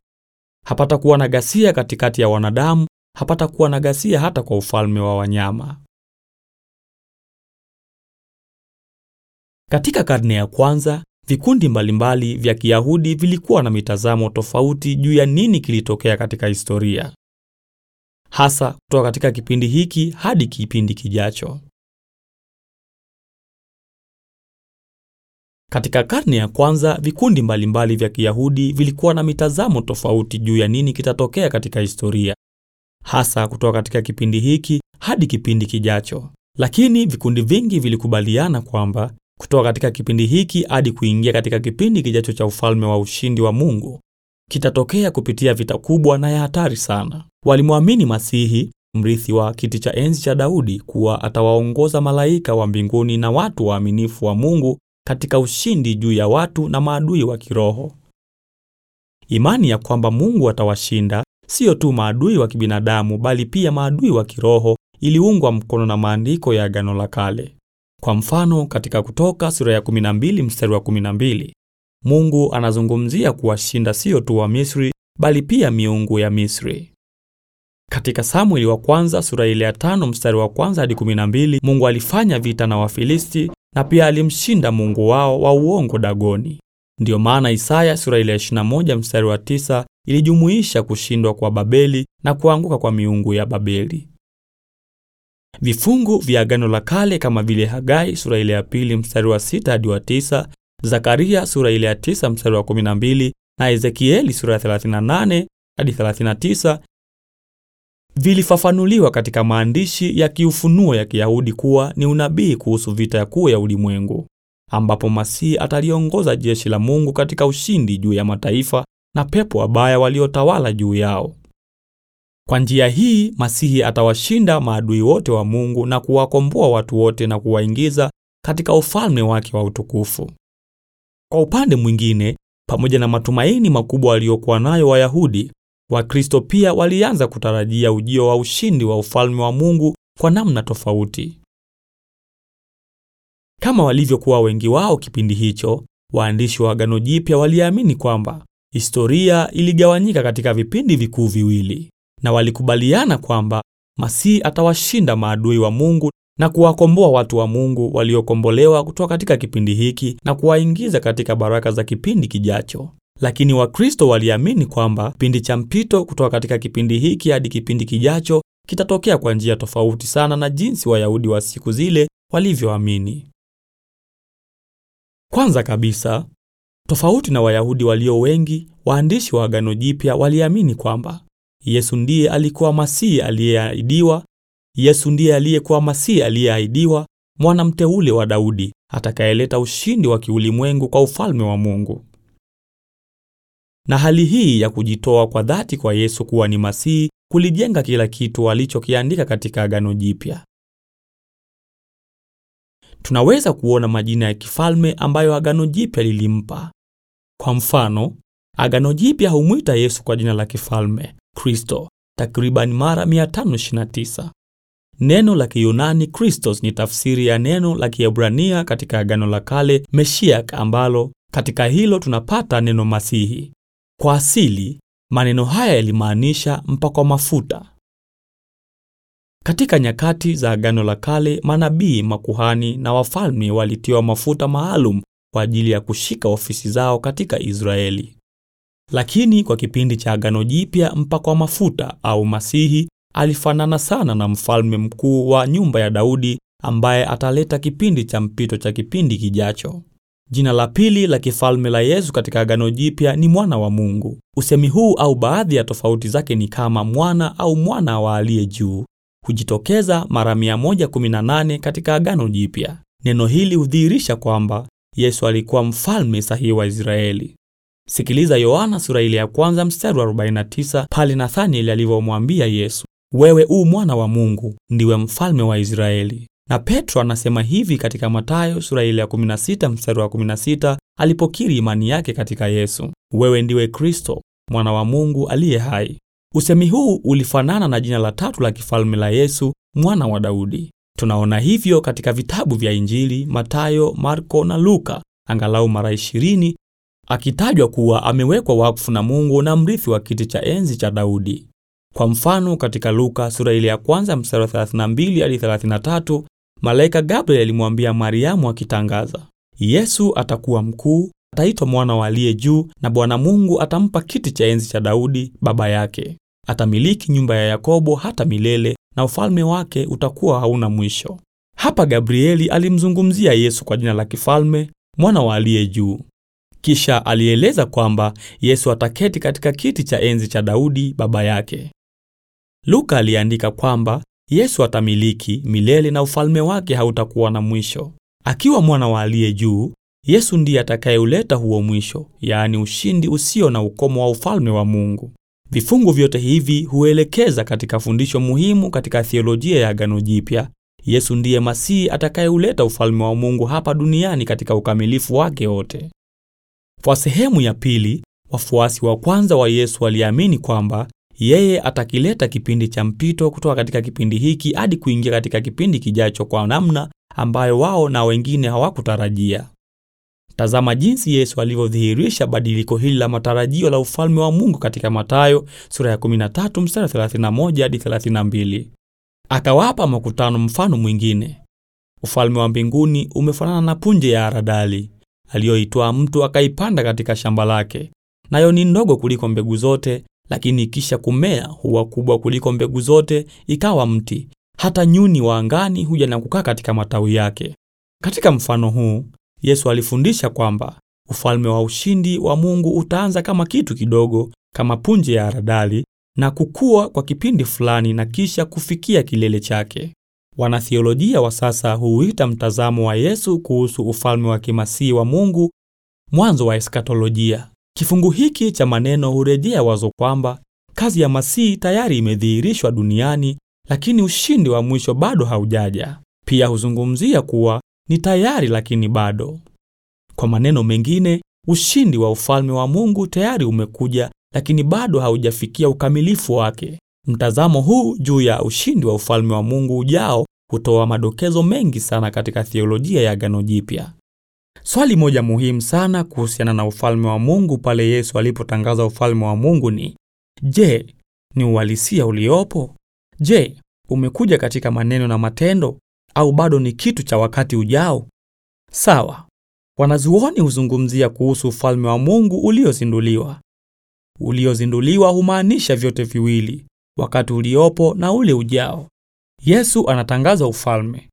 Hapatakuwa na ghasia katikati ya wanadamu, hapatakuwa na ghasia hata kwa ufalme wa wanyama. Katika karne ya kwanza Vikundi mbalimbali vya Kiyahudi vilikuwa na mitazamo tofauti juu ya nini kilitokea katika historia, hasa kutoka katika kipindi hiki hadi kipindi kijacho. Katika karne ya kwanza, vikundi mbalimbali vya Kiyahudi vilikuwa na mitazamo tofauti juu ya nini kitatokea katika historia, hasa kutoka katika kipindi hiki hadi kipindi kijacho. Lakini vikundi vingi vilikubaliana kwamba kutoka katika kipindi hiki hadi kuingia katika kipindi kijacho cha ufalme wa ushindi wa Mungu kitatokea kupitia vita kubwa na ya hatari sana. Walimwamini Masihi, mrithi wa kiti cha enzi cha Daudi, kuwa atawaongoza malaika wa mbinguni na watu waaminifu wa Mungu katika ushindi juu ya watu na maadui wa kiroho. Imani ya kwamba Mungu atawashinda sio tu maadui wa kibinadamu bali pia maadui wa kiroho iliungwa mkono na maandiko ya Agano la Kale. Kwa mfano, katika Kutoka sura ya 12 mstari wa 12, Mungu anazungumzia kuwashinda sio tu wa Misri bali pia miungu ya Misri. Katika Samueli wa kwanza sura ile ya tano mstari wa kwanza hadi 12, Mungu alifanya vita na Wafilisti na pia alimshinda mungu wao wa uongo Dagoni. Ndiyo maana Isaya sura ile ya 21 mstari wa 9 ilijumuisha kushindwa kwa Babeli na kuanguka kwa miungu ya Babeli. Vifungu vya Agano la Kale kama vile Hagai sura ile ya pili mstari wa sita hadi wa tisa, Zakaria sura ile ya tisa mstari wa 12 na Ezekieli sura ya 38 hadi 39 vilifafanuliwa katika maandishi ya kiufunuo ya Kiyahudi kuwa ni unabii kuhusu vita ya kuu ya ulimwengu ambapo Masihi ataliongoza jeshi la Mungu katika ushindi juu ya mataifa na pepo wabaya waliotawala juu yao. Kwa njia hii Masihi atawashinda maadui wote wa Mungu na kuwakomboa watu wote na kuwaingiza katika ufalme wake wa utukufu. Kwa upande mwingine, pamoja na matumaini makubwa waliokuwa nayo Wayahudi, Wakristo pia walianza kutarajia ujio wa ushindi wa ufalme wa Mungu kwa namna tofauti. Kama walivyokuwa wengi wao kipindi hicho, waandishi wa Agano Jipya waliamini kwamba historia iligawanyika katika vipindi vikuu viwili na walikubaliana kwamba Masihi atawashinda maadui wa Mungu na kuwakomboa watu wa Mungu waliokombolewa kutoka katika kipindi hiki na kuwaingiza katika baraka za kipindi kijacho. Lakini Wakristo waliamini kwamba kipindi cha mpito kutoka katika kipindi hiki hadi kipindi kijacho kitatokea kwa njia tofauti sana na jinsi Wayahudi wa siku zile walivyoamini. Kwanza kabisa, tofauti na Wayahudi walio wengi, waandishi wa Agano Jipya waliamini kwamba Yesu ndiye alikuwa Masihi aliyeahidiwa. Yesu ndiye aliyekuwa Masihi aliyeahidiwa, mwana mteule wa Daudi atakayeleta ushindi wa kiulimwengu kwa ufalme wa Mungu. Na hali hii ya kujitoa kwa dhati kwa Yesu kuwa ni Masihi kulijenga kila kitu alichokiandika katika Agano Jipya. Tunaweza kuona majina ya kifalme ambayo Agano Jipya lilimpa. Kwa mfano, Agano Jipya humwita Yesu kwa jina la kifalme Kristo, takriban mara 529. Neno la Kiyunani Christos ni tafsiri ya neno la Kiebrania katika Agano la Kale Meshiach, ambalo katika hilo tunapata neno Masihi. Kwa asili, maneno haya yalimaanisha mpakwa mafuta. Katika nyakati za Agano la Kale, manabii, makuhani na wafalme walitiwa mafuta maalum kwa ajili ya kushika ofisi zao katika Israeli. Lakini kwa kipindi cha Agano Jipya, mpakwa mafuta au Masihi alifanana sana na mfalme mkuu wa nyumba ya Daudi ambaye ataleta kipindi cha mpito cha kipindi kijacho. Jina la pili la kifalme la Yesu katika Agano Jipya ni mwana wa Mungu. Usemi huu au baadhi ya tofauti zake ni kama mwana au mwana wa aliye juu hujitokeza mara 118 katika Agano Jipya. Neno hili hudhihirisha kwamba Yesu alikuwa mfalme sahihi wa Israeli. Sikiliza Yohana sura ile ya kwanza mstari wa 49 pale Nathanieli alivyomwambia Yesu, wewe u mwana wa Mungu, ndiwe mfalme wa Israeli. Na Petro anasema hivi katika Mathayo sura ile ya 16 mstari wa 16 alipokiri imani yake katika Yesu, wewe ndiwe Kristo mwana wa Mungu aliye hai. Usemi huu ulifanana na jina la tatu la kifalme la Yesu, mwana wa Daudi. Tunaona hivyo katika vitabu vya Injili Mathayo, Marko na Luka angalau mara akitajwa kuwa amewekwa wakfu na Mungu na mrithi wa kiti cha enzi cha Daudi. Kwa mfano, katika Luka sura ile ya kwanza mstari wa 32 hadi 33, malaika Gabriel alimwambia Mariamu akitangaza, Yesu atakuwa mkuu, ataitwa mwana wa aliye juu, na Bwana Mungu atampa kiti cha enzi cha Daudi baba yake. Atamiliki nyumba ya Yakobo hata milele, na ufalme wake utakuwa hauna mwisho. Hapa Gabrieli alimzungumzia Yesu kwa jina la kifalme, mwana wa aliye juu. Kisha alieleza kwamba Yesu ataketi katika kiti cha enzi cha Daudi baba yake. Luka aliandika kwamba Yesu atamiliki milele na ufalme wake hautakuwa na mwisho. Akiwa mwana wa aliye juu, Yesu ndiye atakayeuleta huo mwisho, yaani ushindi usio na ukomo wa ufalme wa Mungu. Vifungu vyote hivi huelekeza katika fundisho muhimu katika theolojia ya Agano Jipya. Yesu ndiye Masihi atakayeuleta ufalme wa Mungu hapa duniani katika ukamilifu wake wote. Kwa sehemu ya pili, wafuasi wa kwanza wa Yesu waliamini kwamba yeye atakileta kipindi cha mpito kutoka katika kipindi hiki hadi kuingia katika kipindi kijacho kwa namna ambayo wao na wengine hawakutarajia. Tazama jinsi Yesu alivyodhihirisha badiliko hili la matarajio la ufalme wa Mungu katika Mathayo sura ya 13 mstari 31 hadi 32. Akawapa makutano mfano mwingine: ufalme wa mbinguni umefanana na punje ya haradali aliyoitwaa mtu akaipanda katika shamba lake, nayo ni ndogo kuliko mbegu zote, lakini kisha kumea huwa kubwa kuliko mbegu zote, ikawa mti. Hata nyuni wa angani huja na kukaa katika matawi yake. Katika mfano huu Yesu alifundisha kwamba ufalme wa ushindi wa Mungu utaanza kama kitu kidogo, kama punje ya haradali na kukua kwa kipindi fulani na kisha kufikia kilele chake. Wanathiolojia wa sasa huuita mtazamo wa Yesu kuhusu ufalme wa kimasihi wa Mungu mwanzo wa eskatolojia. Kifungu hiki cha maneno hurejea wazo kwamba kazi ya Masihi tayari imedhihirishwa duniani, lakini ushindi wa mwisho bado haujaja. Pia huzungumzia kuwa ni tayari lakini bado. Kwa maneno mengine, ushindi wa ufalme wa Mungu tayari umekuja, lakini bado haujafikia ukamilifu wake. Mtazamo huu juu ya ushindi wa ufalme wa Mungu ujao hutoa madokezo mengi sana katika theolojia ya Agano Jipya. Swali moja muhimu sana kuhusiana na ufalme wa Mungu pale Yesu alipotangaza ufalme wa Mungu ni je, ni uhalisia uliopo? Je, umekuja katika maneno na matendo au bado ni kitu cha wakati ujao? Sawa. Wanazuoni huzungumzia kuhusu ufalme wa Mungu uliozinduliwa. Uliozinduliwa humaanisha vyote viwili, wakati uliopo na ule ujao. Yesu anatangaza ufalme.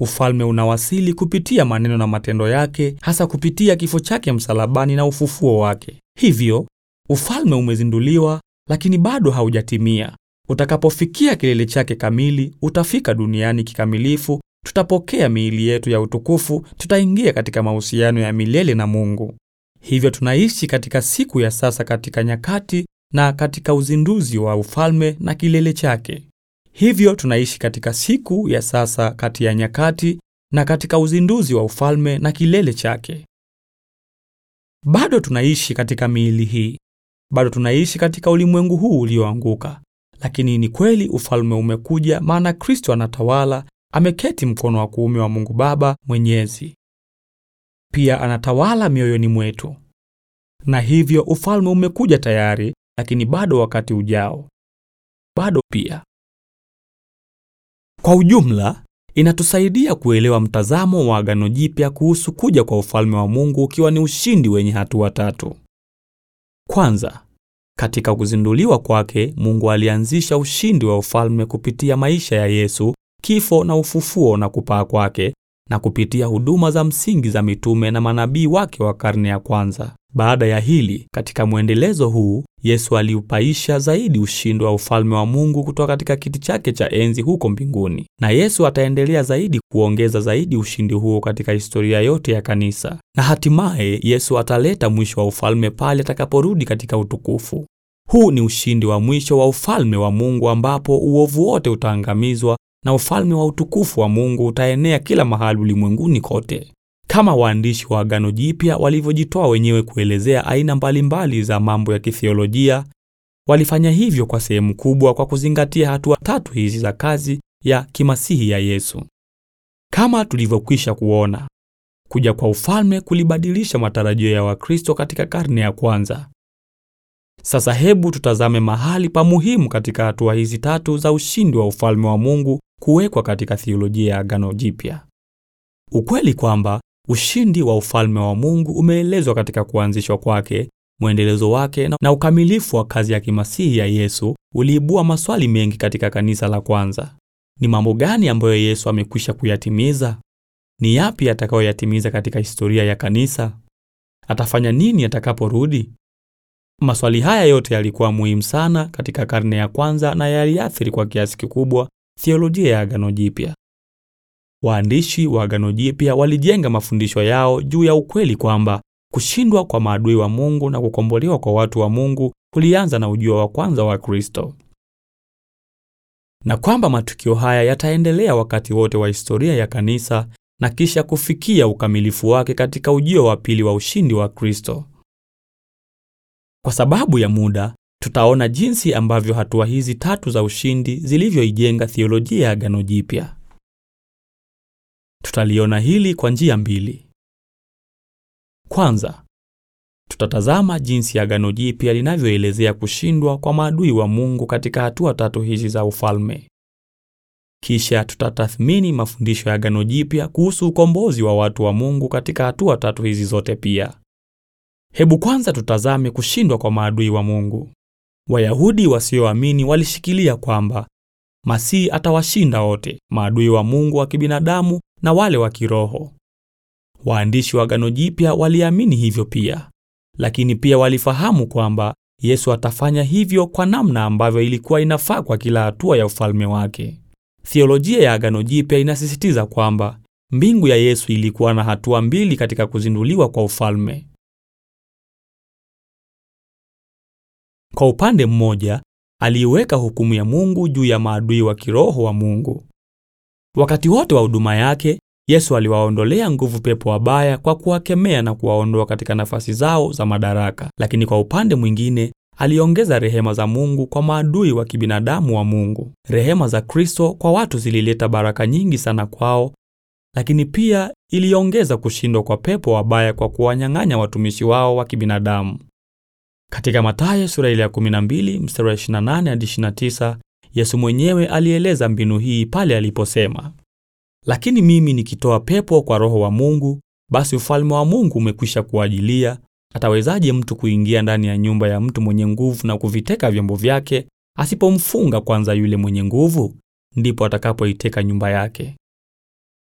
Ufalme unawasili kupitia maneno na matendo yake, hasa kupitia kifo chake msalabani na ufufuo wake. Hivyo ufalme umezinduliwa, lakini bado haujatimia. Utakapofikia kilele chake kamili, utafika duniani kikamilifu. Tutapokea miili yetu ya utukufu, tutaingia katika mahusiano ya milele na Mungu. Hivyo tunaishi katika siku ya sasa katika nyakati na katika uzinduzi wa ufalme na kilele chake. Hivyo tunaishi katika siku ya sasa kati ya nyakati na katika uzinduzi wa ufalme na kilele chake. Bado tunaishi katika miili hii. Bado tunaishi katika ulimwengu huu ulioanguka. Lakini ni kweli ufalme umekuja maana Kristo anatawala, ameketi mkono wa kuume wa Mungu Baba Mwenyezi. Pia anatawala mioyoni mwetu. Na hivyo ufalme umekuja tayari lakini bado wakati ujao bado pia. Kwa ujumla, inatusaidia kuelewa mtazamo wa Agano Jipya kuhusu kuja kwa ufalme wa Mungu ukiwa ni ushindi wenye hatua tatu. Kwanza, katika kuzinduliwa kwake, Mungu alianzisha ushindi wa ufalme kupitia maisha ya Yesu, kifo na ufufuo na kupaa kwake, na kupitia huduma za msingi za mitume na manabii wake wa karne ya kwanza. Baada ya hili, katika mwendelezo huu, Yesu aliupaisha zaidi ushindi wa ufalme wa Mungu kutoka katika kiti chake cha enzi huko mbinguni. Na Yesu ataendelea zaidi kuongeza zaidi ushindi huo katika historia yote ya kanisa. Na hatimaye Yesu ataleta mwisho wa ufalme pale atakaporudi katika utukufu. Huu ni ushindi wa mwisho wa ufalme wa Mungu ambapo uovu wote utaangamizwa na ufalme wa utukufu wa Mungu utaenea kila mahali ulimwenguni kote kama waandishi wa Agano Jipya walivyojitoa wenyewe kuelezea aina mbalimbali za mambo ya kithiolojia, walifanya hivyo kwa sehemu kubwa kwa kuzingatia hatua tatu hizi za kazi ya kimasihi ya Yesu. Kama tulivyokwisha kuona, kuja kwa ufalme kulibadilisha matarajio ya Wakristo katika karne ya kwanza. Sasa hebu tutazame mahali pa muhimu katika hatua hizi tatu za ushindi wa ufalme wa Mungu kuwekwa katika theolojia ya Agano Jipya. Ukweli kwamba Ushindi wa ufalme wa Mungu umeelezwa katika kuanzishwa kwake, mwendelezo wake na ukamilifu wa kazi ya kimasihi ya Yesu uliibua maswali mengi katika kanisa la kwanza. Ni mambo gani ambayo Yesu amekwisha kuyatimiza? Ni yapi atakayoyatimiza katika historia ya kanisa? Atafanya nini atakaporudi? Maswali haya yote yalikuwa muhimu sana katika karne ya kwanza na yaliathiri kwa kiasi kikubwa theolojia ya Agano Jipya. Waandishi wa Agano Jipya walijenga mafundisho yao juu ya ukweli kwamba kushindwa kwa maadui wa Mungu na kukombolewa kwa watu wa Mungu kulianza na ujio wa kwanza wa Kristo, na kwamba matukio haya yataendelea wakati wote wa historia ya kanisa na kisha kufikia ukamilifu wake katika ujio wa pili wa ushindi wa Kristo. Kwa sababu ya muda, tutaona jinsi ambavyo hatua hizi tatu za ushindi zilivyoijenga theolojia ya Agano Jipya. Tutaliona hili kwa njia mbili. Kwanza, tutatazama jinsi Agano Jipya linavyoelezea kushindwa kwa maadui wa Mungu katika hatua tatu hizi za ufalme. Kisha tutatathmini mafundisho ya Agano Jipya kuhusu ukombozi wa watu wa Mungu katika hatua tatu hizi zote pia. Hebu kwanza tutazame kushindwa kwa maadui wa Mungu. Wayahudi wasioamini walishikilia kwamba Masihi atawashinda wote, maadui wa Mungu wa kibinadamu na wale wa kiroho. Waandishi wa Agano Jipya waliamini hivyo pia, lakini pia walifahamu kwamba Yesu atafanya hivyo kwa namna ambavyo ilikuwa inafaa kwa kila hatua ya ufalme wake. Theolojia ya Agano Jipya inasisitiza kwamba mbingu ya Yesu ilikuwa na hatua mbili katika kuzinduliwa kwa ufalme. Kwa upande mmoja, aliiweka hukumu ya Mungu juu ya maadui wa kiroho wa Mungu. Wakati wote wa huduma yake, Yesu aliwaondolea nguvu pepo wabaya kwa kuwakemea na kuwaondoa katika nafasi zao za madaraka. Lakini kwa upande mwingine, aliongeza rehema za Mungu kwa maadui wa kibinadamu wa Mungu. Rehema za Kristo kwa watu zilileta baraka nyingi sana kwao, lakini pia iliongeza kushindwa kwa pepo wabaya kwa kuwanyang'anya watumishi wao wa kibinadamu. Katika Mathayo sura ile ya 12 mstari wa 28 hadi 29 Yesu mwenyewe alieleza mbinu hii pale aliposema, lakini mimi nikitoa pepo kwa Roho wa Mungu, basi ufalme wa Mungu umekwisha kuajilia. Atawezaje mtu kuingia ndani ya nyumba ya mtu mwenye nguvu na kuviteka vyombo vyake asipomfunga kwanza yule mwenye nguvu? Ndipo atakapoiteka nyumba yake.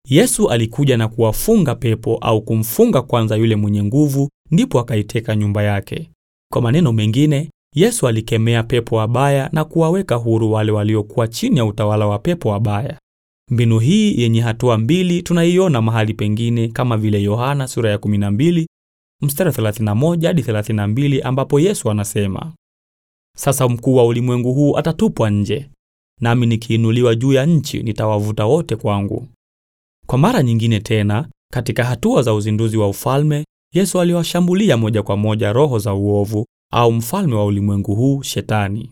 Yesu alikuja na kuwafunga pepo au kumfunga kwanza yule mwenye nguvu, ndipo akaiteka nyumba yake. Kwa maneno mengine, Yesu alikemea pepo wabaya na kuwaweka huru wale waliokuwa chini ya utawala wa pepo wabaya. Mbinu hii yenye hatua mbili tunaiona mahali pengine kama vile Yohana sura ya 12 mstari 31 hadi 32, ambapo Yesu anasema, sasa mkuu wa ulimwengu huu atatupwa nje, nami nikiinuliwa juu ya nchi nitawavuta wote kwangu. Kwa mara nyingine tena, katika hatua za uzinduzi wa ufalme, Yesu aliwashambulia moja kwa moja roho za uovu au mfalme wa ulimwengu huu Shetani.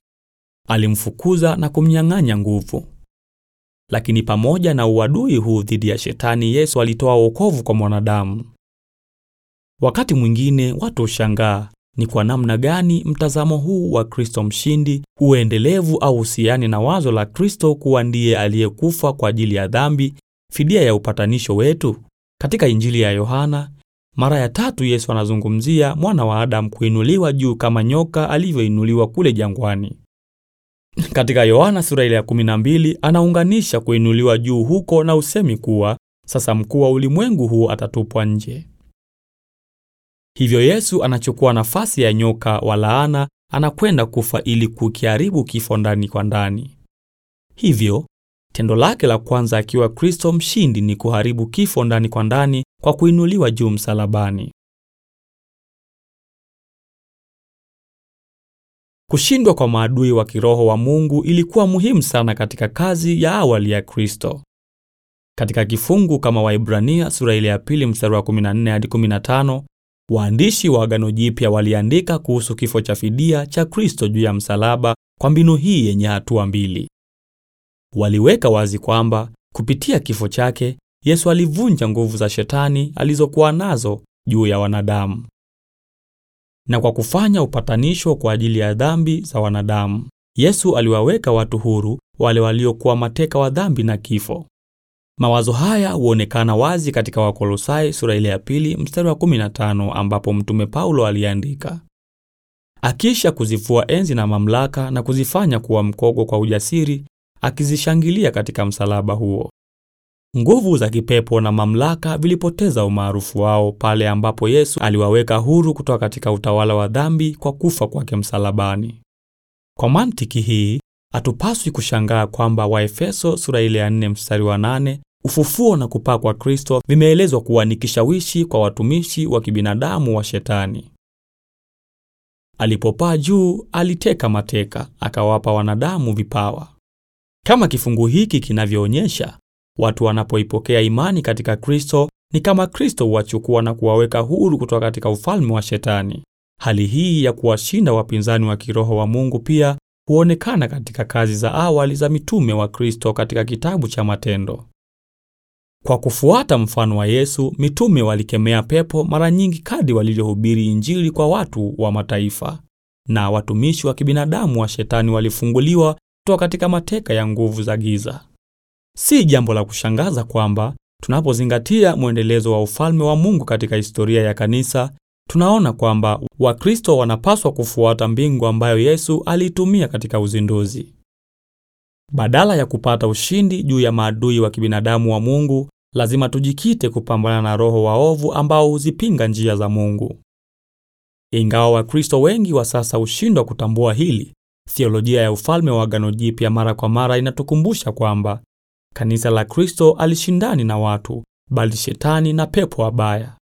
Alimfukuza na kumnyang'anya nguvu. Lakini pamoja na uadui huu dhidi ya Shetani, Yesu alitoa wokovu kwa mwanadamu. Wakati mwingine watu hushangaa ni kwa namna gani mtazamo huu wa Kristo mshindi uendelevu au husiani na wazo la Kristo kuwa ndiye aliyekufa kwa ajili ya dhambi, fidia ya upatanisho wetu. Katika Injili ya Yohana mara ya tatu Yesu anazungumzia mwana wa Adamu kuinuliwa juu kama nyoka alivyoinuliwa kule jangwani. Katika Yohana sura ile ya 12 anaunganisha kuinuliwa juu huko na usemi kuwa sasa mkuu wa ulimwengu huu atatupwa nje. Hivyo Yesu anachukua nafasi ya nyoka wa laana, anakwenda kufa ili kukiharibu kifo ndani kwa ndani. Hivyo Tendo lake la kwanza akiwa Kristo mshindi ni kuharibu kifo ndani kwa ndani kwa kuinuliwa juu msalabani. Kushindwa kwa maadui wa kiroho wa Mungu ilikuwa muhimu sana katika kazi ya awali ya Kristo. Katika kifungu kama Waibrania sura ile ya pili mstari wa 14 hadi 15, waandishi wa Agano Jipya waliandika kuhusu kifo cha fidia cha Kristo juu ya msalaba kwa mbinu hii yenye hatua mbili. Waliweka wazi kwamba kupitia kifo chake Yesu alivunja nguvu za shetani alizokuwa nazo juu ya wanadamu na kwa kufanya upatanisho kwa ajili ya dhambi za wanadamu, Yesu aliwaweka watu huru wale waliokuwa mateka wa dhambi na kifo. Mawazo haya huonekana wazi katika Wakolosai sura ile ya pili mstari wa 15 ambapo Mtume Paulo aliandika, akisha kuzifua enzi na mamlaka na kuzifanya kuwa mkogo kwa ujasiri akizishangilia katika msalaba huo. Nguvu za kipepo na mamlaka vilipoteza umaarufu wao pale ambapo Yesu aliwaweka huru kutoka katika utawala wa dhambi kwa kufa kwake msalabani. Kwa mantiki hii, hatupaswi kushangaa kwamba Waefeso sura ile ya 4 mstari wa 8 ufufuo na kupaa kwa Kristo vimeelezwa kuwa ni kishawishi kwa watumishi wa kibinadamu wa Shetani. Alipopaa juu, aliteka mateka, akawapa wanadamu vipawa. Kama kifungu hiki kinavyoonyesha, watu wanapoipokea imani katika Kristo ni kama Kristo huwachukua na kuwaweka huru kutoka katika ufalme wa Shetani. Hali hii ya kuwashinda wapinzani wa kiroho wa Mungu pia huonekana katika kazi za awali za mitume wa Kristo katika kitabu cha Matendo. Kwa kufuata mfano wa Yesu, mitume walikemea pepo mara nyingi kadi walivyohubiri Injili kwa watu wa mataifa, na watumishi wa kibinadamu wa Shetani walifunguliwa kutoa katika mateka ya nguvu za giza. Si jambo la kushangaza kwamba tunapozingatia mwendelezo wa ufalme wa Mungu katika historia ya kanisa, tunaona kwamba Wakristo wanapaswa kufuata mbingu ambayo Yesu aliitumia katika uzinduzi. Badala ya kupata ushindi juu ya maadui wa kibinadamu wa Mungu, lazima tujikite kupambana na roho waovu ambao huzipinga njia za Mungu. Ingawa Wakristo wengi wa sasa hushindwa kutambua hili, Theolojia ya ufalme wa Agano Jipya mara kwa mara inatukumbusha kwamba kanisa la Kristo alishindani na watu, bali shetani na pepo wabaya,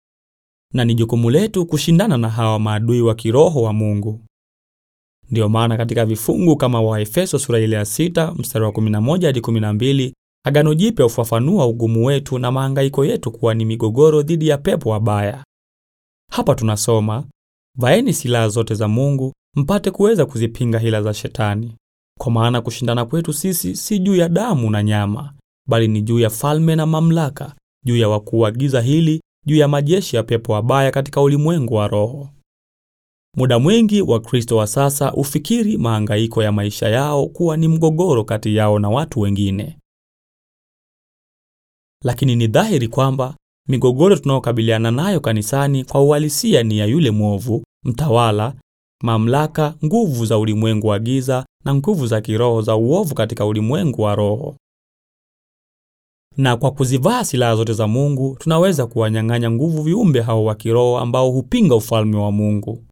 na ni jukumu letu kushindana na hawa maadui wa kiroho wa Mungu. Ndiyo maana katika vifungu kama Waefeso sura ile ya 6 mstari wa 11 hadi 12, Agano Jipya hufafanua ugumu wetu na mahangaiko yetu kuwa ni migogoro dhidi ya pepo wabaya. Hapa tunasoma, vaeni silaha zote za Mungu mpate kuweza kuzipinga hila za Shetani. Kwa maana kushindana kwetu sisi si juu ya damu na nyama, bali ni juu ya falme na mamlaka, juu ya wakuagiza hili, juu ya majeshi ya pepo wabaya katika ulimwengu wa roho. Muda mwingi Wakristo wa sasa ufikiri mahangaiko ya maisha yao kuwa ni mgogoro kati yao na watu wengine, lakini ni dhahiri kwamba migogoro tunayokabiliana nayo kanisani kwa uhalisia ni ya yule mwovu mtawala mamlaka, nguvu za ulimwengu wa giza na nguvu za kiroho za uovu katika ulimwengu wa roho. Na kwa kuzivaa silaha zote za Mungu, tunaweza kuwanyang'anya nguvu viumbe hao wa kiroho ambao hupinga ufalme wa Mungu.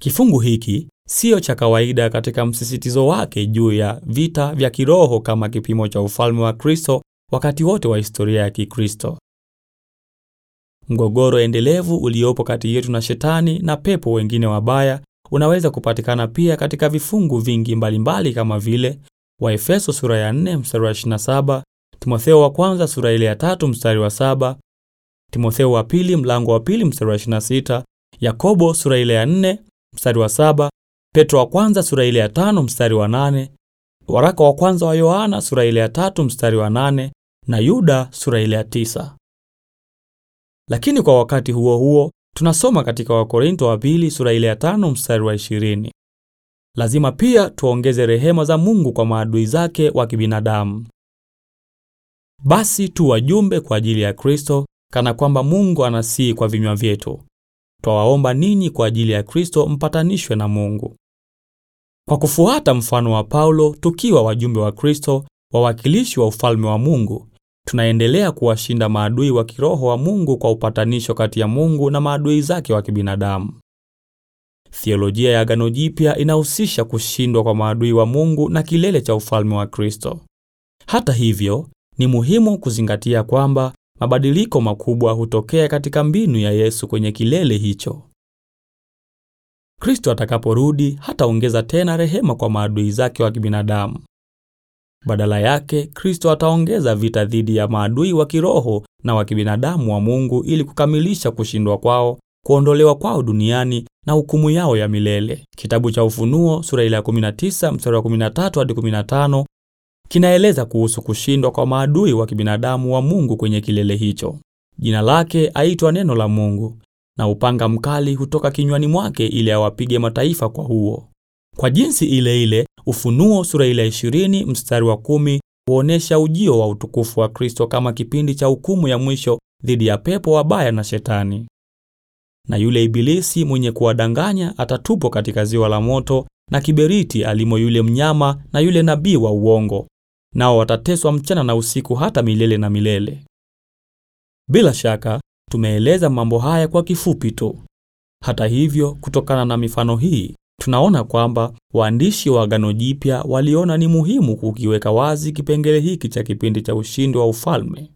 Kifungu hiki siyo cha kawaida katika msisitizo wake juu ya vita vya kiroho kama kipimo cha ufalme wa Kristo wakati wote wa historia ya Kikristo. Mgogoro endelevu uliopo kati yetu na shetani na pepo wengine wabaya unaweza kupatikana pia katika vifungu vingi mbalimbali mbali kama vile Waefeso sura ya 4 mstari wa 27, Timotheo wa kwanza sura ile ya 3 mstari wa 7, Timotheo wa pili mlango wa pili mstari wa 26, Yakobo sura ile ya 4 mstari wa 7, Petro wa kwanza sura ile ya 5 mstari wa 8, waraka wa kwanza wa Yohana sura ile ya 3 mstari wa 8 na Yuda sura ile ya 9. Lakini kwa wakati huo huo tunasoma katika Wakorinto wa pili sura ile ya tano mstari wa ishirini. Lazima pia tuongeze rehema za Mungu kwa maadui zake wa kibinadamu. Basi tu wajumbe kwa ajili ya Kristo, kana kwamba Mungu anasii kwa vinywa vyetu. Twawaomba ninyi kwa ajili ya Kristo mpatanishwe na Mungu. Kwa kufuata mfano wa Paulo, tukiwa wajumbe wa Kristo, wawakilishi wa ufalme wa Mungu, tunaendelea kuwashinda maadui wa kiroho wa Mungu kwa upatanisho kati ya Mungu na maadui zake wa kibinadamu. Theolojia ya Agano Jipya inahusisha kushindwa kwa maadui wa Mungu na kilele cha ufalme wa Kristo. Hata hivyo, ni muhimu kuzingatia kwamba mabadiliko makubwa hutokea katika mbinu ya Yesu kwenye kilele hicho. Kristo atakaporudi hataongeza tena rehema kwa maadui zake wa kibinadamu. Badala yake, Kristo ataongeza vita dhidi ya maadui wa kiroho na wa kibinadamu wa Mungu ili kukamilisha kushindwa kwao, kuondolewa kwao duniani na hukumu yao ya milele. Kitabu cha Ufunuo sura ya 19 mstari wa 13 hadi 15 kinaeleza kuhusu kushindwa kwa maadui wa kibinadamu wa Mungu kwenye kilele hicho. Jina lake aitwa neno la Mungu, na upanga mkali hutoka kinywani mwake ili awapige mataifa kwa huo. Kwa jinsi ile ile, Ufunuo sura ile 20 mstari wa kumi huonesha ujio wa utukufu wa Kristo kama kipindi cha hukumu ya mwisho dhidi ya pepo wabaya na shetani. Na yule ibilisi mwenye kuwadanganya atatupwa katika ziwa la moto na kiberiti alimo yule mnyama na yule nabii wa uongo, nao watateswa mchana na usiku hata milele na milele. Bila shaka tumeeleza mambo haya kwa kifupi tu. Hata hivyo, kutokana na mifano hii tunaona kwamba waandishi wa Agano Jipya waliona ni muhimu kukiweka wazi kipengele hiki cha kipindi cha ushindi wa ufalme.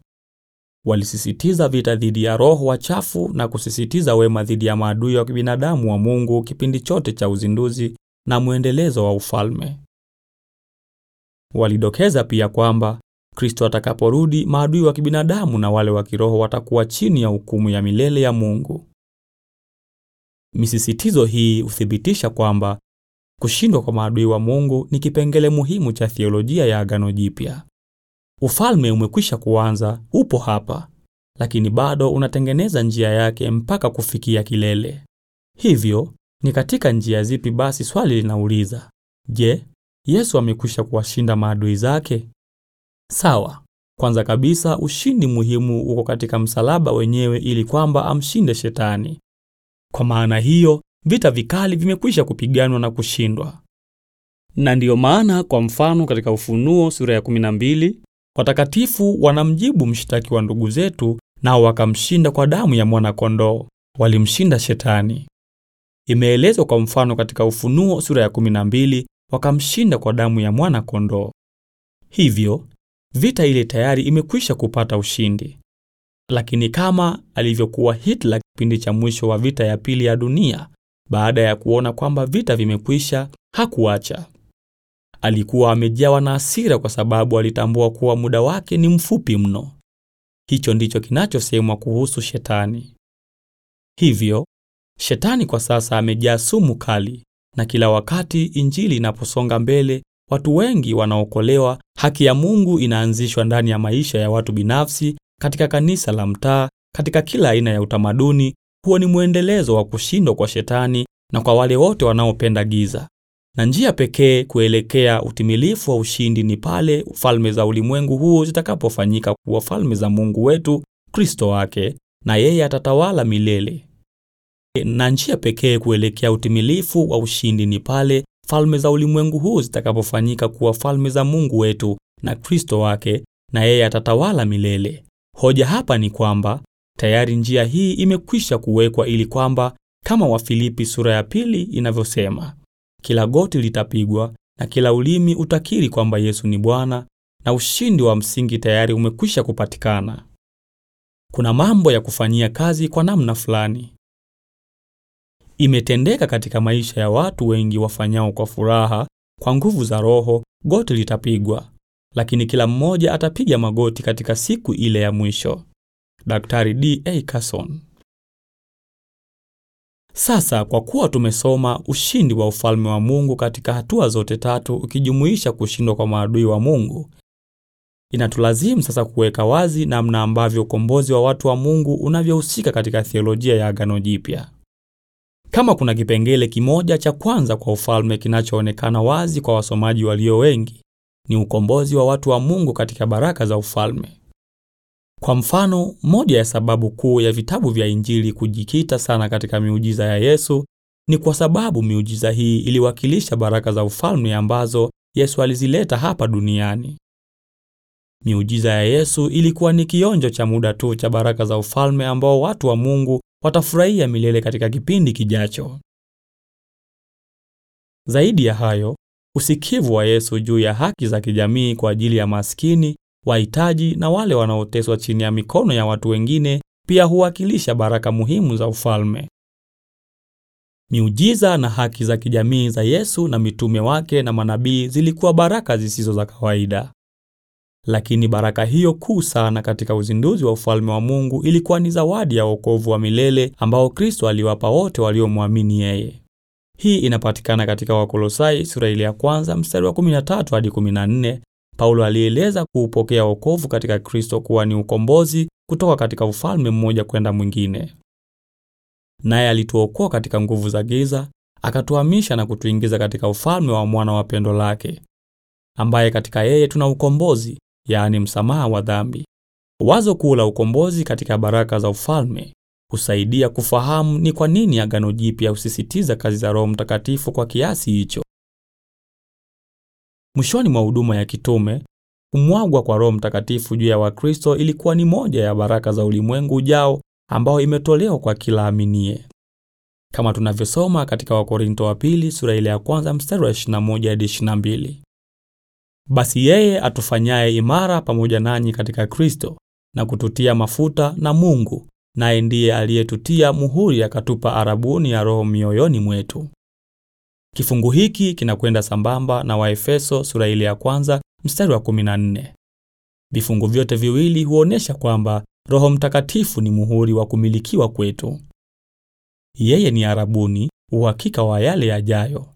Walisisitiza vita dhidi ya roho wachafu na kusisitiza wema dhidi ya maadui wa kibinadamu wa Mungu kipindi chote cha uzinduzi na mwendelezo wa ufalme. Walidokeza pia kwamba Kristo atakaporudi, maadui wa kibinadamu na wale wa kiroho watakuwa chini ya hukumu ya milele ya Mungu. Misisitizo hii huthibitisha kwamba kushindwa kwa maadui wa Mungu ni kipengele muhimu cha theolojia ya Agano Jipya. Ufalme umekwisha kuanza, upo hapa, lakini bado unatengeneza njia yake mpaka kufikia kilele. Hivyo, ni katika njia zipi basi swali linauliza. Je, Yesu amekwisha kuwashinda maadui zake? Sawa. Kwanza kabisa, ushindi muhimu uko katika msalaba wenyewe ili kwamba amshinde shetani. Kwa maana hiyo, vita vikali vimekwisha kupiganwa na kushindwa. Na ndiyo maana kwa mfano katika Ufunuo sura ya 12 watakatifu wanamjibu mshtaki wa ndugu zetu, nao wakamshinda kwa damu ya mwana-kondoo, walimshinda Shetani. Imeelezwa kwa mfano katika Ufunuo sura ya 12, wakamshinda kwa damu ya mwana-kondoo. Hivyo vita ile tayari imekwisha kupata ushindi, lakini kama alivyokuwa Hitler kipindi cha mwisho wa vita ya pili ya dunia. Baada ya kuona kwamba vita vimekwisha, hakuacha. Alikuwa amejawa na hasira kwa sababu alitambua kuwa muda wake ni mfupi mno. Hicho ndicho kinachosemwa kuhusu Shetani. Hivyo Shetani kwa sasa amejaa sumu kali, na kila wakati injili inaposonga mbele, watu wengi wanaokolewa, haki ya Mungu inaanzishwa ndani ya maisha ya watu binafsi, katika kanisa la mtaa, katika kila aina ya utamaduni huwa ni mwendelezo wa kushindwa kwa shetani na kwa wale wote wanaopenda giza. Na njia pekee kuelekea utimilifu wa ushindi ni pale falme za ulimwengu huu zitakapofanyika kuwa falme za Mungu wetu Kristo wake, na yeye atatawala milele. Na njia pekee kuelekea utimilifu wa ushindi ni pale falme za ulimwengu huu zitakapofanyika kuwa falme za Mungu wetu na Kristo wake, na yeye atatawala milele. Hoja hapa ni kwamba Tayari njia hii imekwisha kuwekwa ili kwamba kama Wafilipi sura ya pili inavyosema, kila goti litapigwa na kila ulimi utakiri kwamba Yesu ni Bwana, na ushindi wa msingi tayari umekwisha kupatikana. Kuna mambo ya kufanyia kazi kwa namna fulani. Imetendeka katika maisha ya watu wengi wafanyao kwa furaha, kwa nguvu za Roho, goti litapigwa, lakini kila mmoja atapiga magoti katika siku ile ya mwisho. Daktari D. A. Carson. Sasa kwa kuwa tumesoma ushindi wa ufalme wa Mungu katika hatua zote tatu ukijumuisha kushindwa kwa maadui wa Mungu, inatulazimu sasa kuweka wazi namna ambavyo ukombozi wa watu wa Mungu unavyohusika katika theolojia ya Agano Jipya. Kama kuna kipengele kimoja cha kwanza kwa ufalme kinachoonekana wazi kwa wasomaji walio wengi, ni ukombozi wa watu wa Mungu katika baraka za ufalme. Kwa mfano, moja ya sababu kuu ya vitabu vya Injili kujikita sana katika miujiza ya Yesu ni kwa sababu miujiza hii iliwakilisha baraka za ufalme ambazo Yesu alizileta hapa duniani. Miujiza ya Yesu ilikuwa ni kionjo cha muda tu cha baraka za ufalme ambao watu wa Mungu watafurahia milele katika kipindi kijacho. Zaidi ya hayo, usikivu wa Yesu juu ya haki za kijamii kwa ajili ya maskini wahitaji na wale wanaoteswa chini ya mikono ya watu wengine pia huwakilisha baraka muhimu za ufalme. Miujiza na haki za kijamii za Yesu na mitume wake na manabii zilikuwa baraka zisizo za kawaida. Lakini baraka hiyo kuu sana katika uzinduzi wa ufalme wa Mungu ilikuwa ni zawadi ya wokovu wa milele ambao Kristo aliwapa wote waliomwamini yeye. Hii inapatikana katika Wakolosai sura ile ya kwanza mstari wa 13 hadi 14 Paulo alieleza kuupokea wokovu katika Kristo kuwa ni ukombozi kutoka katika ufalme mmoja kwenda mwingine. Naye alituokoa katika nguvu za giza, akatuhamisha na kutuingiza katika ufalme wa mwana wa pendo lake, ambaye katika yeye tuna ukombozi, yaani msamaha wa dhambi. Wazo kuu la ukombozi katika baraka za ufalme husaidia kufahamu ni kwa nini Agano Jipya husisitiza kazi za Roho Mtakatifu kwa kiasi hicho. Mwishoni mwa huduma ya kitume, kumwagwa kwa Roho Mtakatifu juu ya Wakristo ilikuwa ni moja ya baraka za ulimwengu ujao ambayo imetolewa kwa kila aminie, Kama tunavyosoma katika Wakorinto wa pili sura ile ya kwanza mstari wa moja hadi mbili. Basi yeye atufanyaye imara pamoja nanyi katika Kristo na kututia mafuta na Mungu, naye ndiye aliyetutia muhuri akatupa arabuni ya Roho mioyoni mwetu. Kifungu hiki kinakwenda sambamba na Waefeso sura ile ya kwanza mstari wa 14. Vifungu vyote viwili huonesha kwamba Roho Mtakatifu ni muhuri wa kumilikiwa kwetu. Yeye ni arabuni, uhakika wa yale yajayo.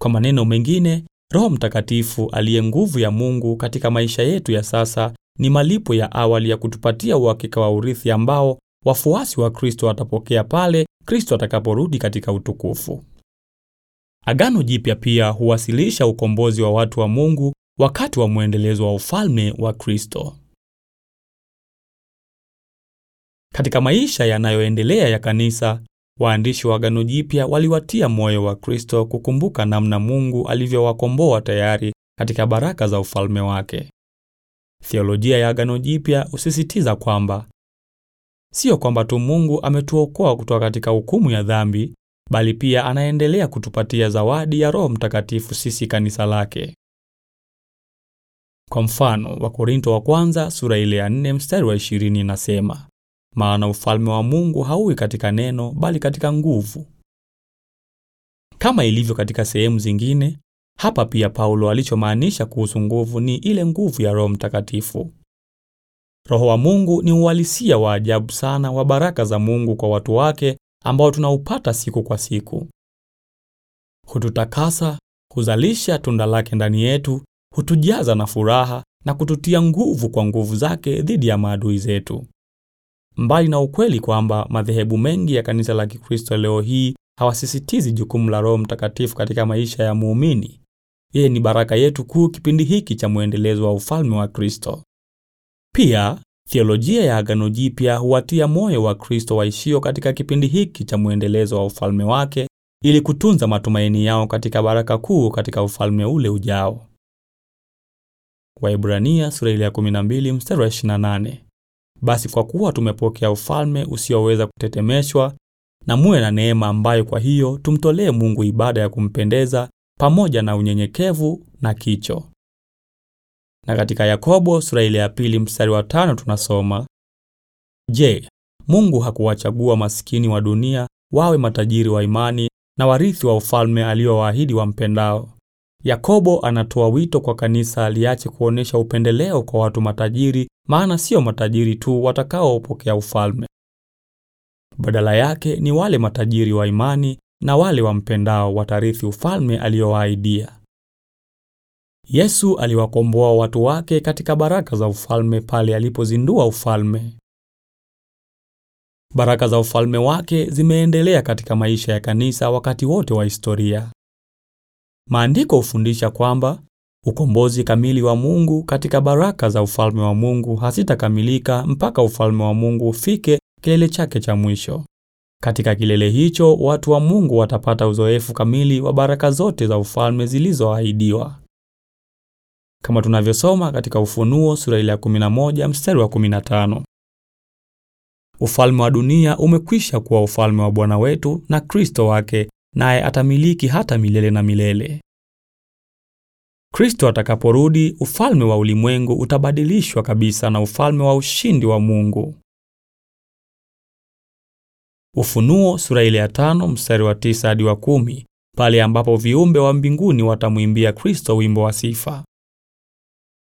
Kwa maneno mengine, Roho Mtakatifu aliye nguvu ya Mungu katika maisha yetu ya sasa ni malipo ya awali ya kutupatia uhakika wa urithi ambao wafuasi wa Kristo watapokea pale Kristo atakaporudi katika utukufu. Agano Jipya pia huwasilisha ukombozi wa watu wa Mungu wakati wa mwendelezo wa ufalme wa Kristo. Katika maisha yanayoendelea ya kanisa, waandishi wa Agano Jipya waliwatia moyo wa Kristo kukumbuka namna Mungu alivyowakomboa tayari katika baraka za ufalme wake. Theolojia ya Agano Jipya husisitiza kwamba sio kwamba tu Mungu ametuokoa kutoka katika hukumu ya dhambi, bali pia anaendelea kutupatia zawadi ya Roho Mtakatifu sisi kanisa lake. Kwa mfano, Wakorinto wa kwanza sura ile ya 4 mstari wa 20 inasema, maana ufalme wa Mungu hauwi katika neno bali katika nguvu. Kama ilivyo katika sehemu zingine, hapa pia Paulo alichomaanisha kuhusu nguvu ni ile nguvu ya Roho Mtakatifu. Roho wa Mungu ni uhalisia wa ajabu sana wa baraka za Mungu kwa watu wake ambao tunaupata siku kwa siku. Hututakasa, huzalisha tunda lake ndani yetu, hutujaza na furaha na kututia nguvu kwa nguvu zake dhidi ya maadui zetu. Mbali na ukweli kwamba madhehebu mengi ya kanisa la Kikristo leo hii hawasisitizi jukumu la Roho Mtakatifu katika maisha ya muumini, yeye ni baraka yetu kuu kipindi hiki cha mwendelezo wa ufalme wa Kristo. Pia Theolojia ya Agano Jipya huwatia moyo Wakristo waishio katika kipindi hiki cha mwendelezo wa ufalme wake ili kutunza matumaini yao katika baraka kuu katika ufalme ule ujao. Waibrania sura ya 12 mstari wa 28. Basi kwa kuwa tumepokea ufalme usioweza kutetemeshwa, na muwe na neema ambayo kwa hiyo tumtolee Mungu ibada ya kumpendeza pamoja na unyenyekevu na kicho. Na katika Yakobo sura ile ya pili mstari wa tano tunasoma, Je, Mungu hakuwachagua maskini wa dunia wawe matajiri wa imani na warithi wa ufalme aliowaahidi wampendao? Yakobo anatoa wito kwa kanisa liache kuonesha upendeleo kwa watu matajiri, maana sio matajiri tu watakaopokea ufalme. Badala yake ni wale matajiri wa imani na wale wampendao watarithi ufalme aliyowaahidia. Yesu aliwakomboa watu wake katika baraka za ufalme pale alipozindua ufalme. Baraka za ufalme wake zimeendelea katika maisha ya kanisa wakati wote wa historia. Maandiko hufundisha kwamba ukombozi kamili wa Mungu katika baraka za ufalme wa Mungu hazitakamilika mpaka ufalme wa Mungu ufike kilele chake cha mwisho. Katika kilele hicho, watu wa Mungu watapata uzoefu kamili wa baraka zote za ufalme zilizoahidiwa kama tunavyosoma katika Ufunuo sura ya 11 mstari wa 15. Ufalme wa dunia umekwisha kuwa ufalme wa Bwana wetu na Kristo wake, naye atamiliki hata milele na milele. Kristo atakaporudi, ufalme wa ulimwengu utabadilishwa kabisa na ufalme wa ushindi wa Mungu. Ufunuo sura ile ya tano mstari wa tisa hadi wa kumi, pale ambapo viumbe wa mbinguni watamwimbia Kristo wimbo wa sifa.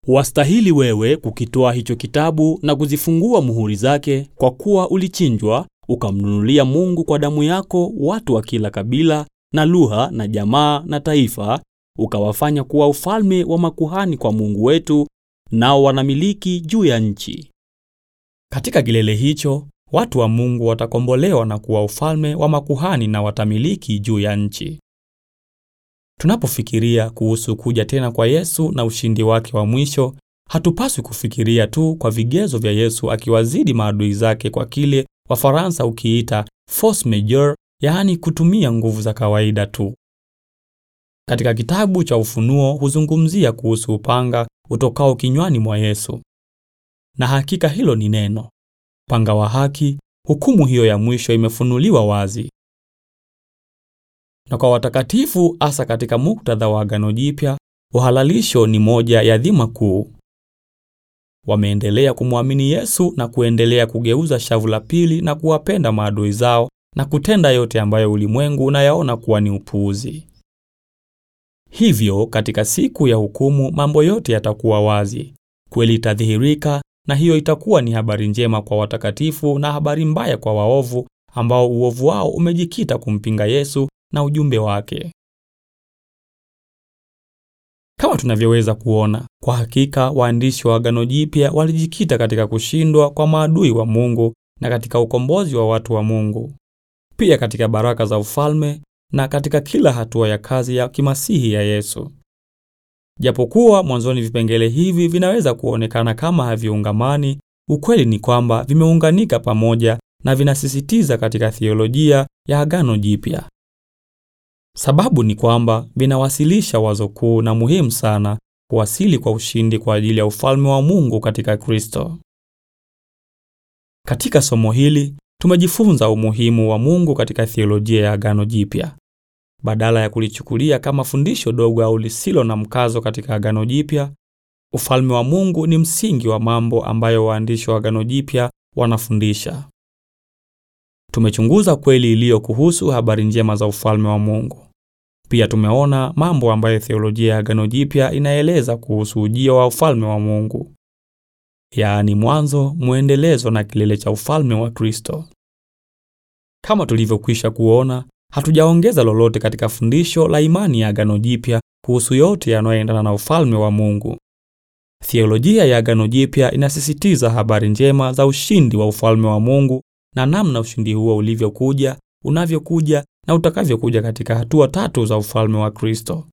Wastahili wewe kukitoa hicho kitabu na kuzifungua muhuri zake, kwa kuwa ulichinjwa ukamnunulia Mungu kwa damu yako watu wa kila kabila na lugha na jamaa na taifa, ukawafanya kuwa ufalme wa makuhani kwa Mungu wetu, nao wanamiliki juu ya nchi. Katika kilele hicho watu wa Mungu watakombolewa na kuwa ufalme wa makuhani na watamiliki juu ya nchi. Tunapofikiria kuhusu kuja tena kwa Yesu na ushindi wake wa mwisho, hatupaswi kufikiria tu kwa vigezo vya Yesu akiwazidi maadui zake kwa kile Wafaransa ukiita force majeure, yaani kutumia nguvu za kawaida tu. Katika kitabu cha Ufunuo huzungumzia kuhusu upanga utokao kinywani mwa Yesu. Na hakika hilo ni neno. Upanga wa haki, hukumu hiyo ya mwisho imefunuliwa wazi na kwa watakatifu, hasa katika muktadha wa Agano Jipya, uhalalisho ni moja ya dhima kuu. Wameendelea kumwamini Yesu na kuendelea kugeuza shavu la pili na kuwapenda maadui zao na kutenda yote ambayo ulimwengu unayaona kuwa ni upuuzi. Hivyo katika siku ya hukumu mambo yote yatakuwa wazi, kweli itadhihirika, na hiyo itakuwa ni habari njema kwa watakatifu na habari mbaya kwa waovu ambao uovu wao umejikita kumpinga Yesu na ujumbe wake. Kama tunavyoweza kuona, kwa hakika waandishi wa Agano Jipya walijikita katika kushindwa kwa maadui wa Mungu na katika ukombozi wa watu wa Mungu, pia katika baraka za ufalme na katika kila hatua ya kazi ya kimasihi ya Yesu. Japokuwa mwanzoni vipengele hivi vinaweza kuonekana kama haviungamani, ukweli ni kwamba vimeunganika pamoja na vinasisitiza katika theolojia ya Agano Jipya. Sababu ni kwamba vinawasilisha wazo kuu na muhimu sana kuwasili kwa ushindi kwa ajili ya ufalme wa Mungu katika Kristo. Katika somo hili tumejifunza umuhimu wa Mungu katika theolojia ya Agano Jipya. Badala ya kulichukulia kama fundisho dogo au lisilo na mkazo katika Agano Jipya, ufalme wa Mungu ni msingi wa mambo ambayo waandishi wa Agano Jipya wanafundisha. Tumechunguza kweli iliyo kuhusu habari njema za ufalme wa Mungu. Pia tumeona mambo ambayo theolojia ya Agano Jipya inaeleza kuhusu ujio wa ufalme wa Mungu, yaani mwanzo, mwendelezo na kilele cha ufalme wa Kristo. Kama tulivyokwisha kuona, hatujaongeza lolote katika fundisho la imani ya Agano Jipya kuhusu yote yanayoendana na ufalme wa Mungu. Theolojia ya Agano Jipya inasisitiza habari njema za ushindi wa ufalme wa Mungu na namna ushindi huo ulivyokuja, unavyokuja na utakavyokuja katika hatua tatu za ufalme wa Kristo.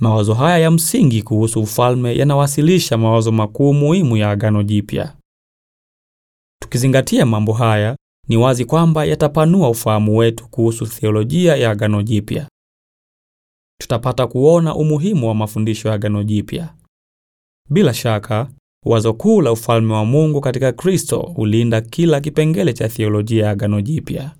Mawazo haya ya msingi kuhusu ufalme yanawasilisha mawazo makuu muhimu ya Agano Jipya. Tukizingatia mambo haya, ni wazi kwamba yatapanua ufahamu wetu kuhusu theolojia ya Agano Jipya. Tutapata kuona umuhimu wa mafundisho ya Agano Jipya. Bila shaka, wazo kuu la ufalme wa Mungu katika Kristo hulinda kila kipengele cha theolojia ya Agano Jipya.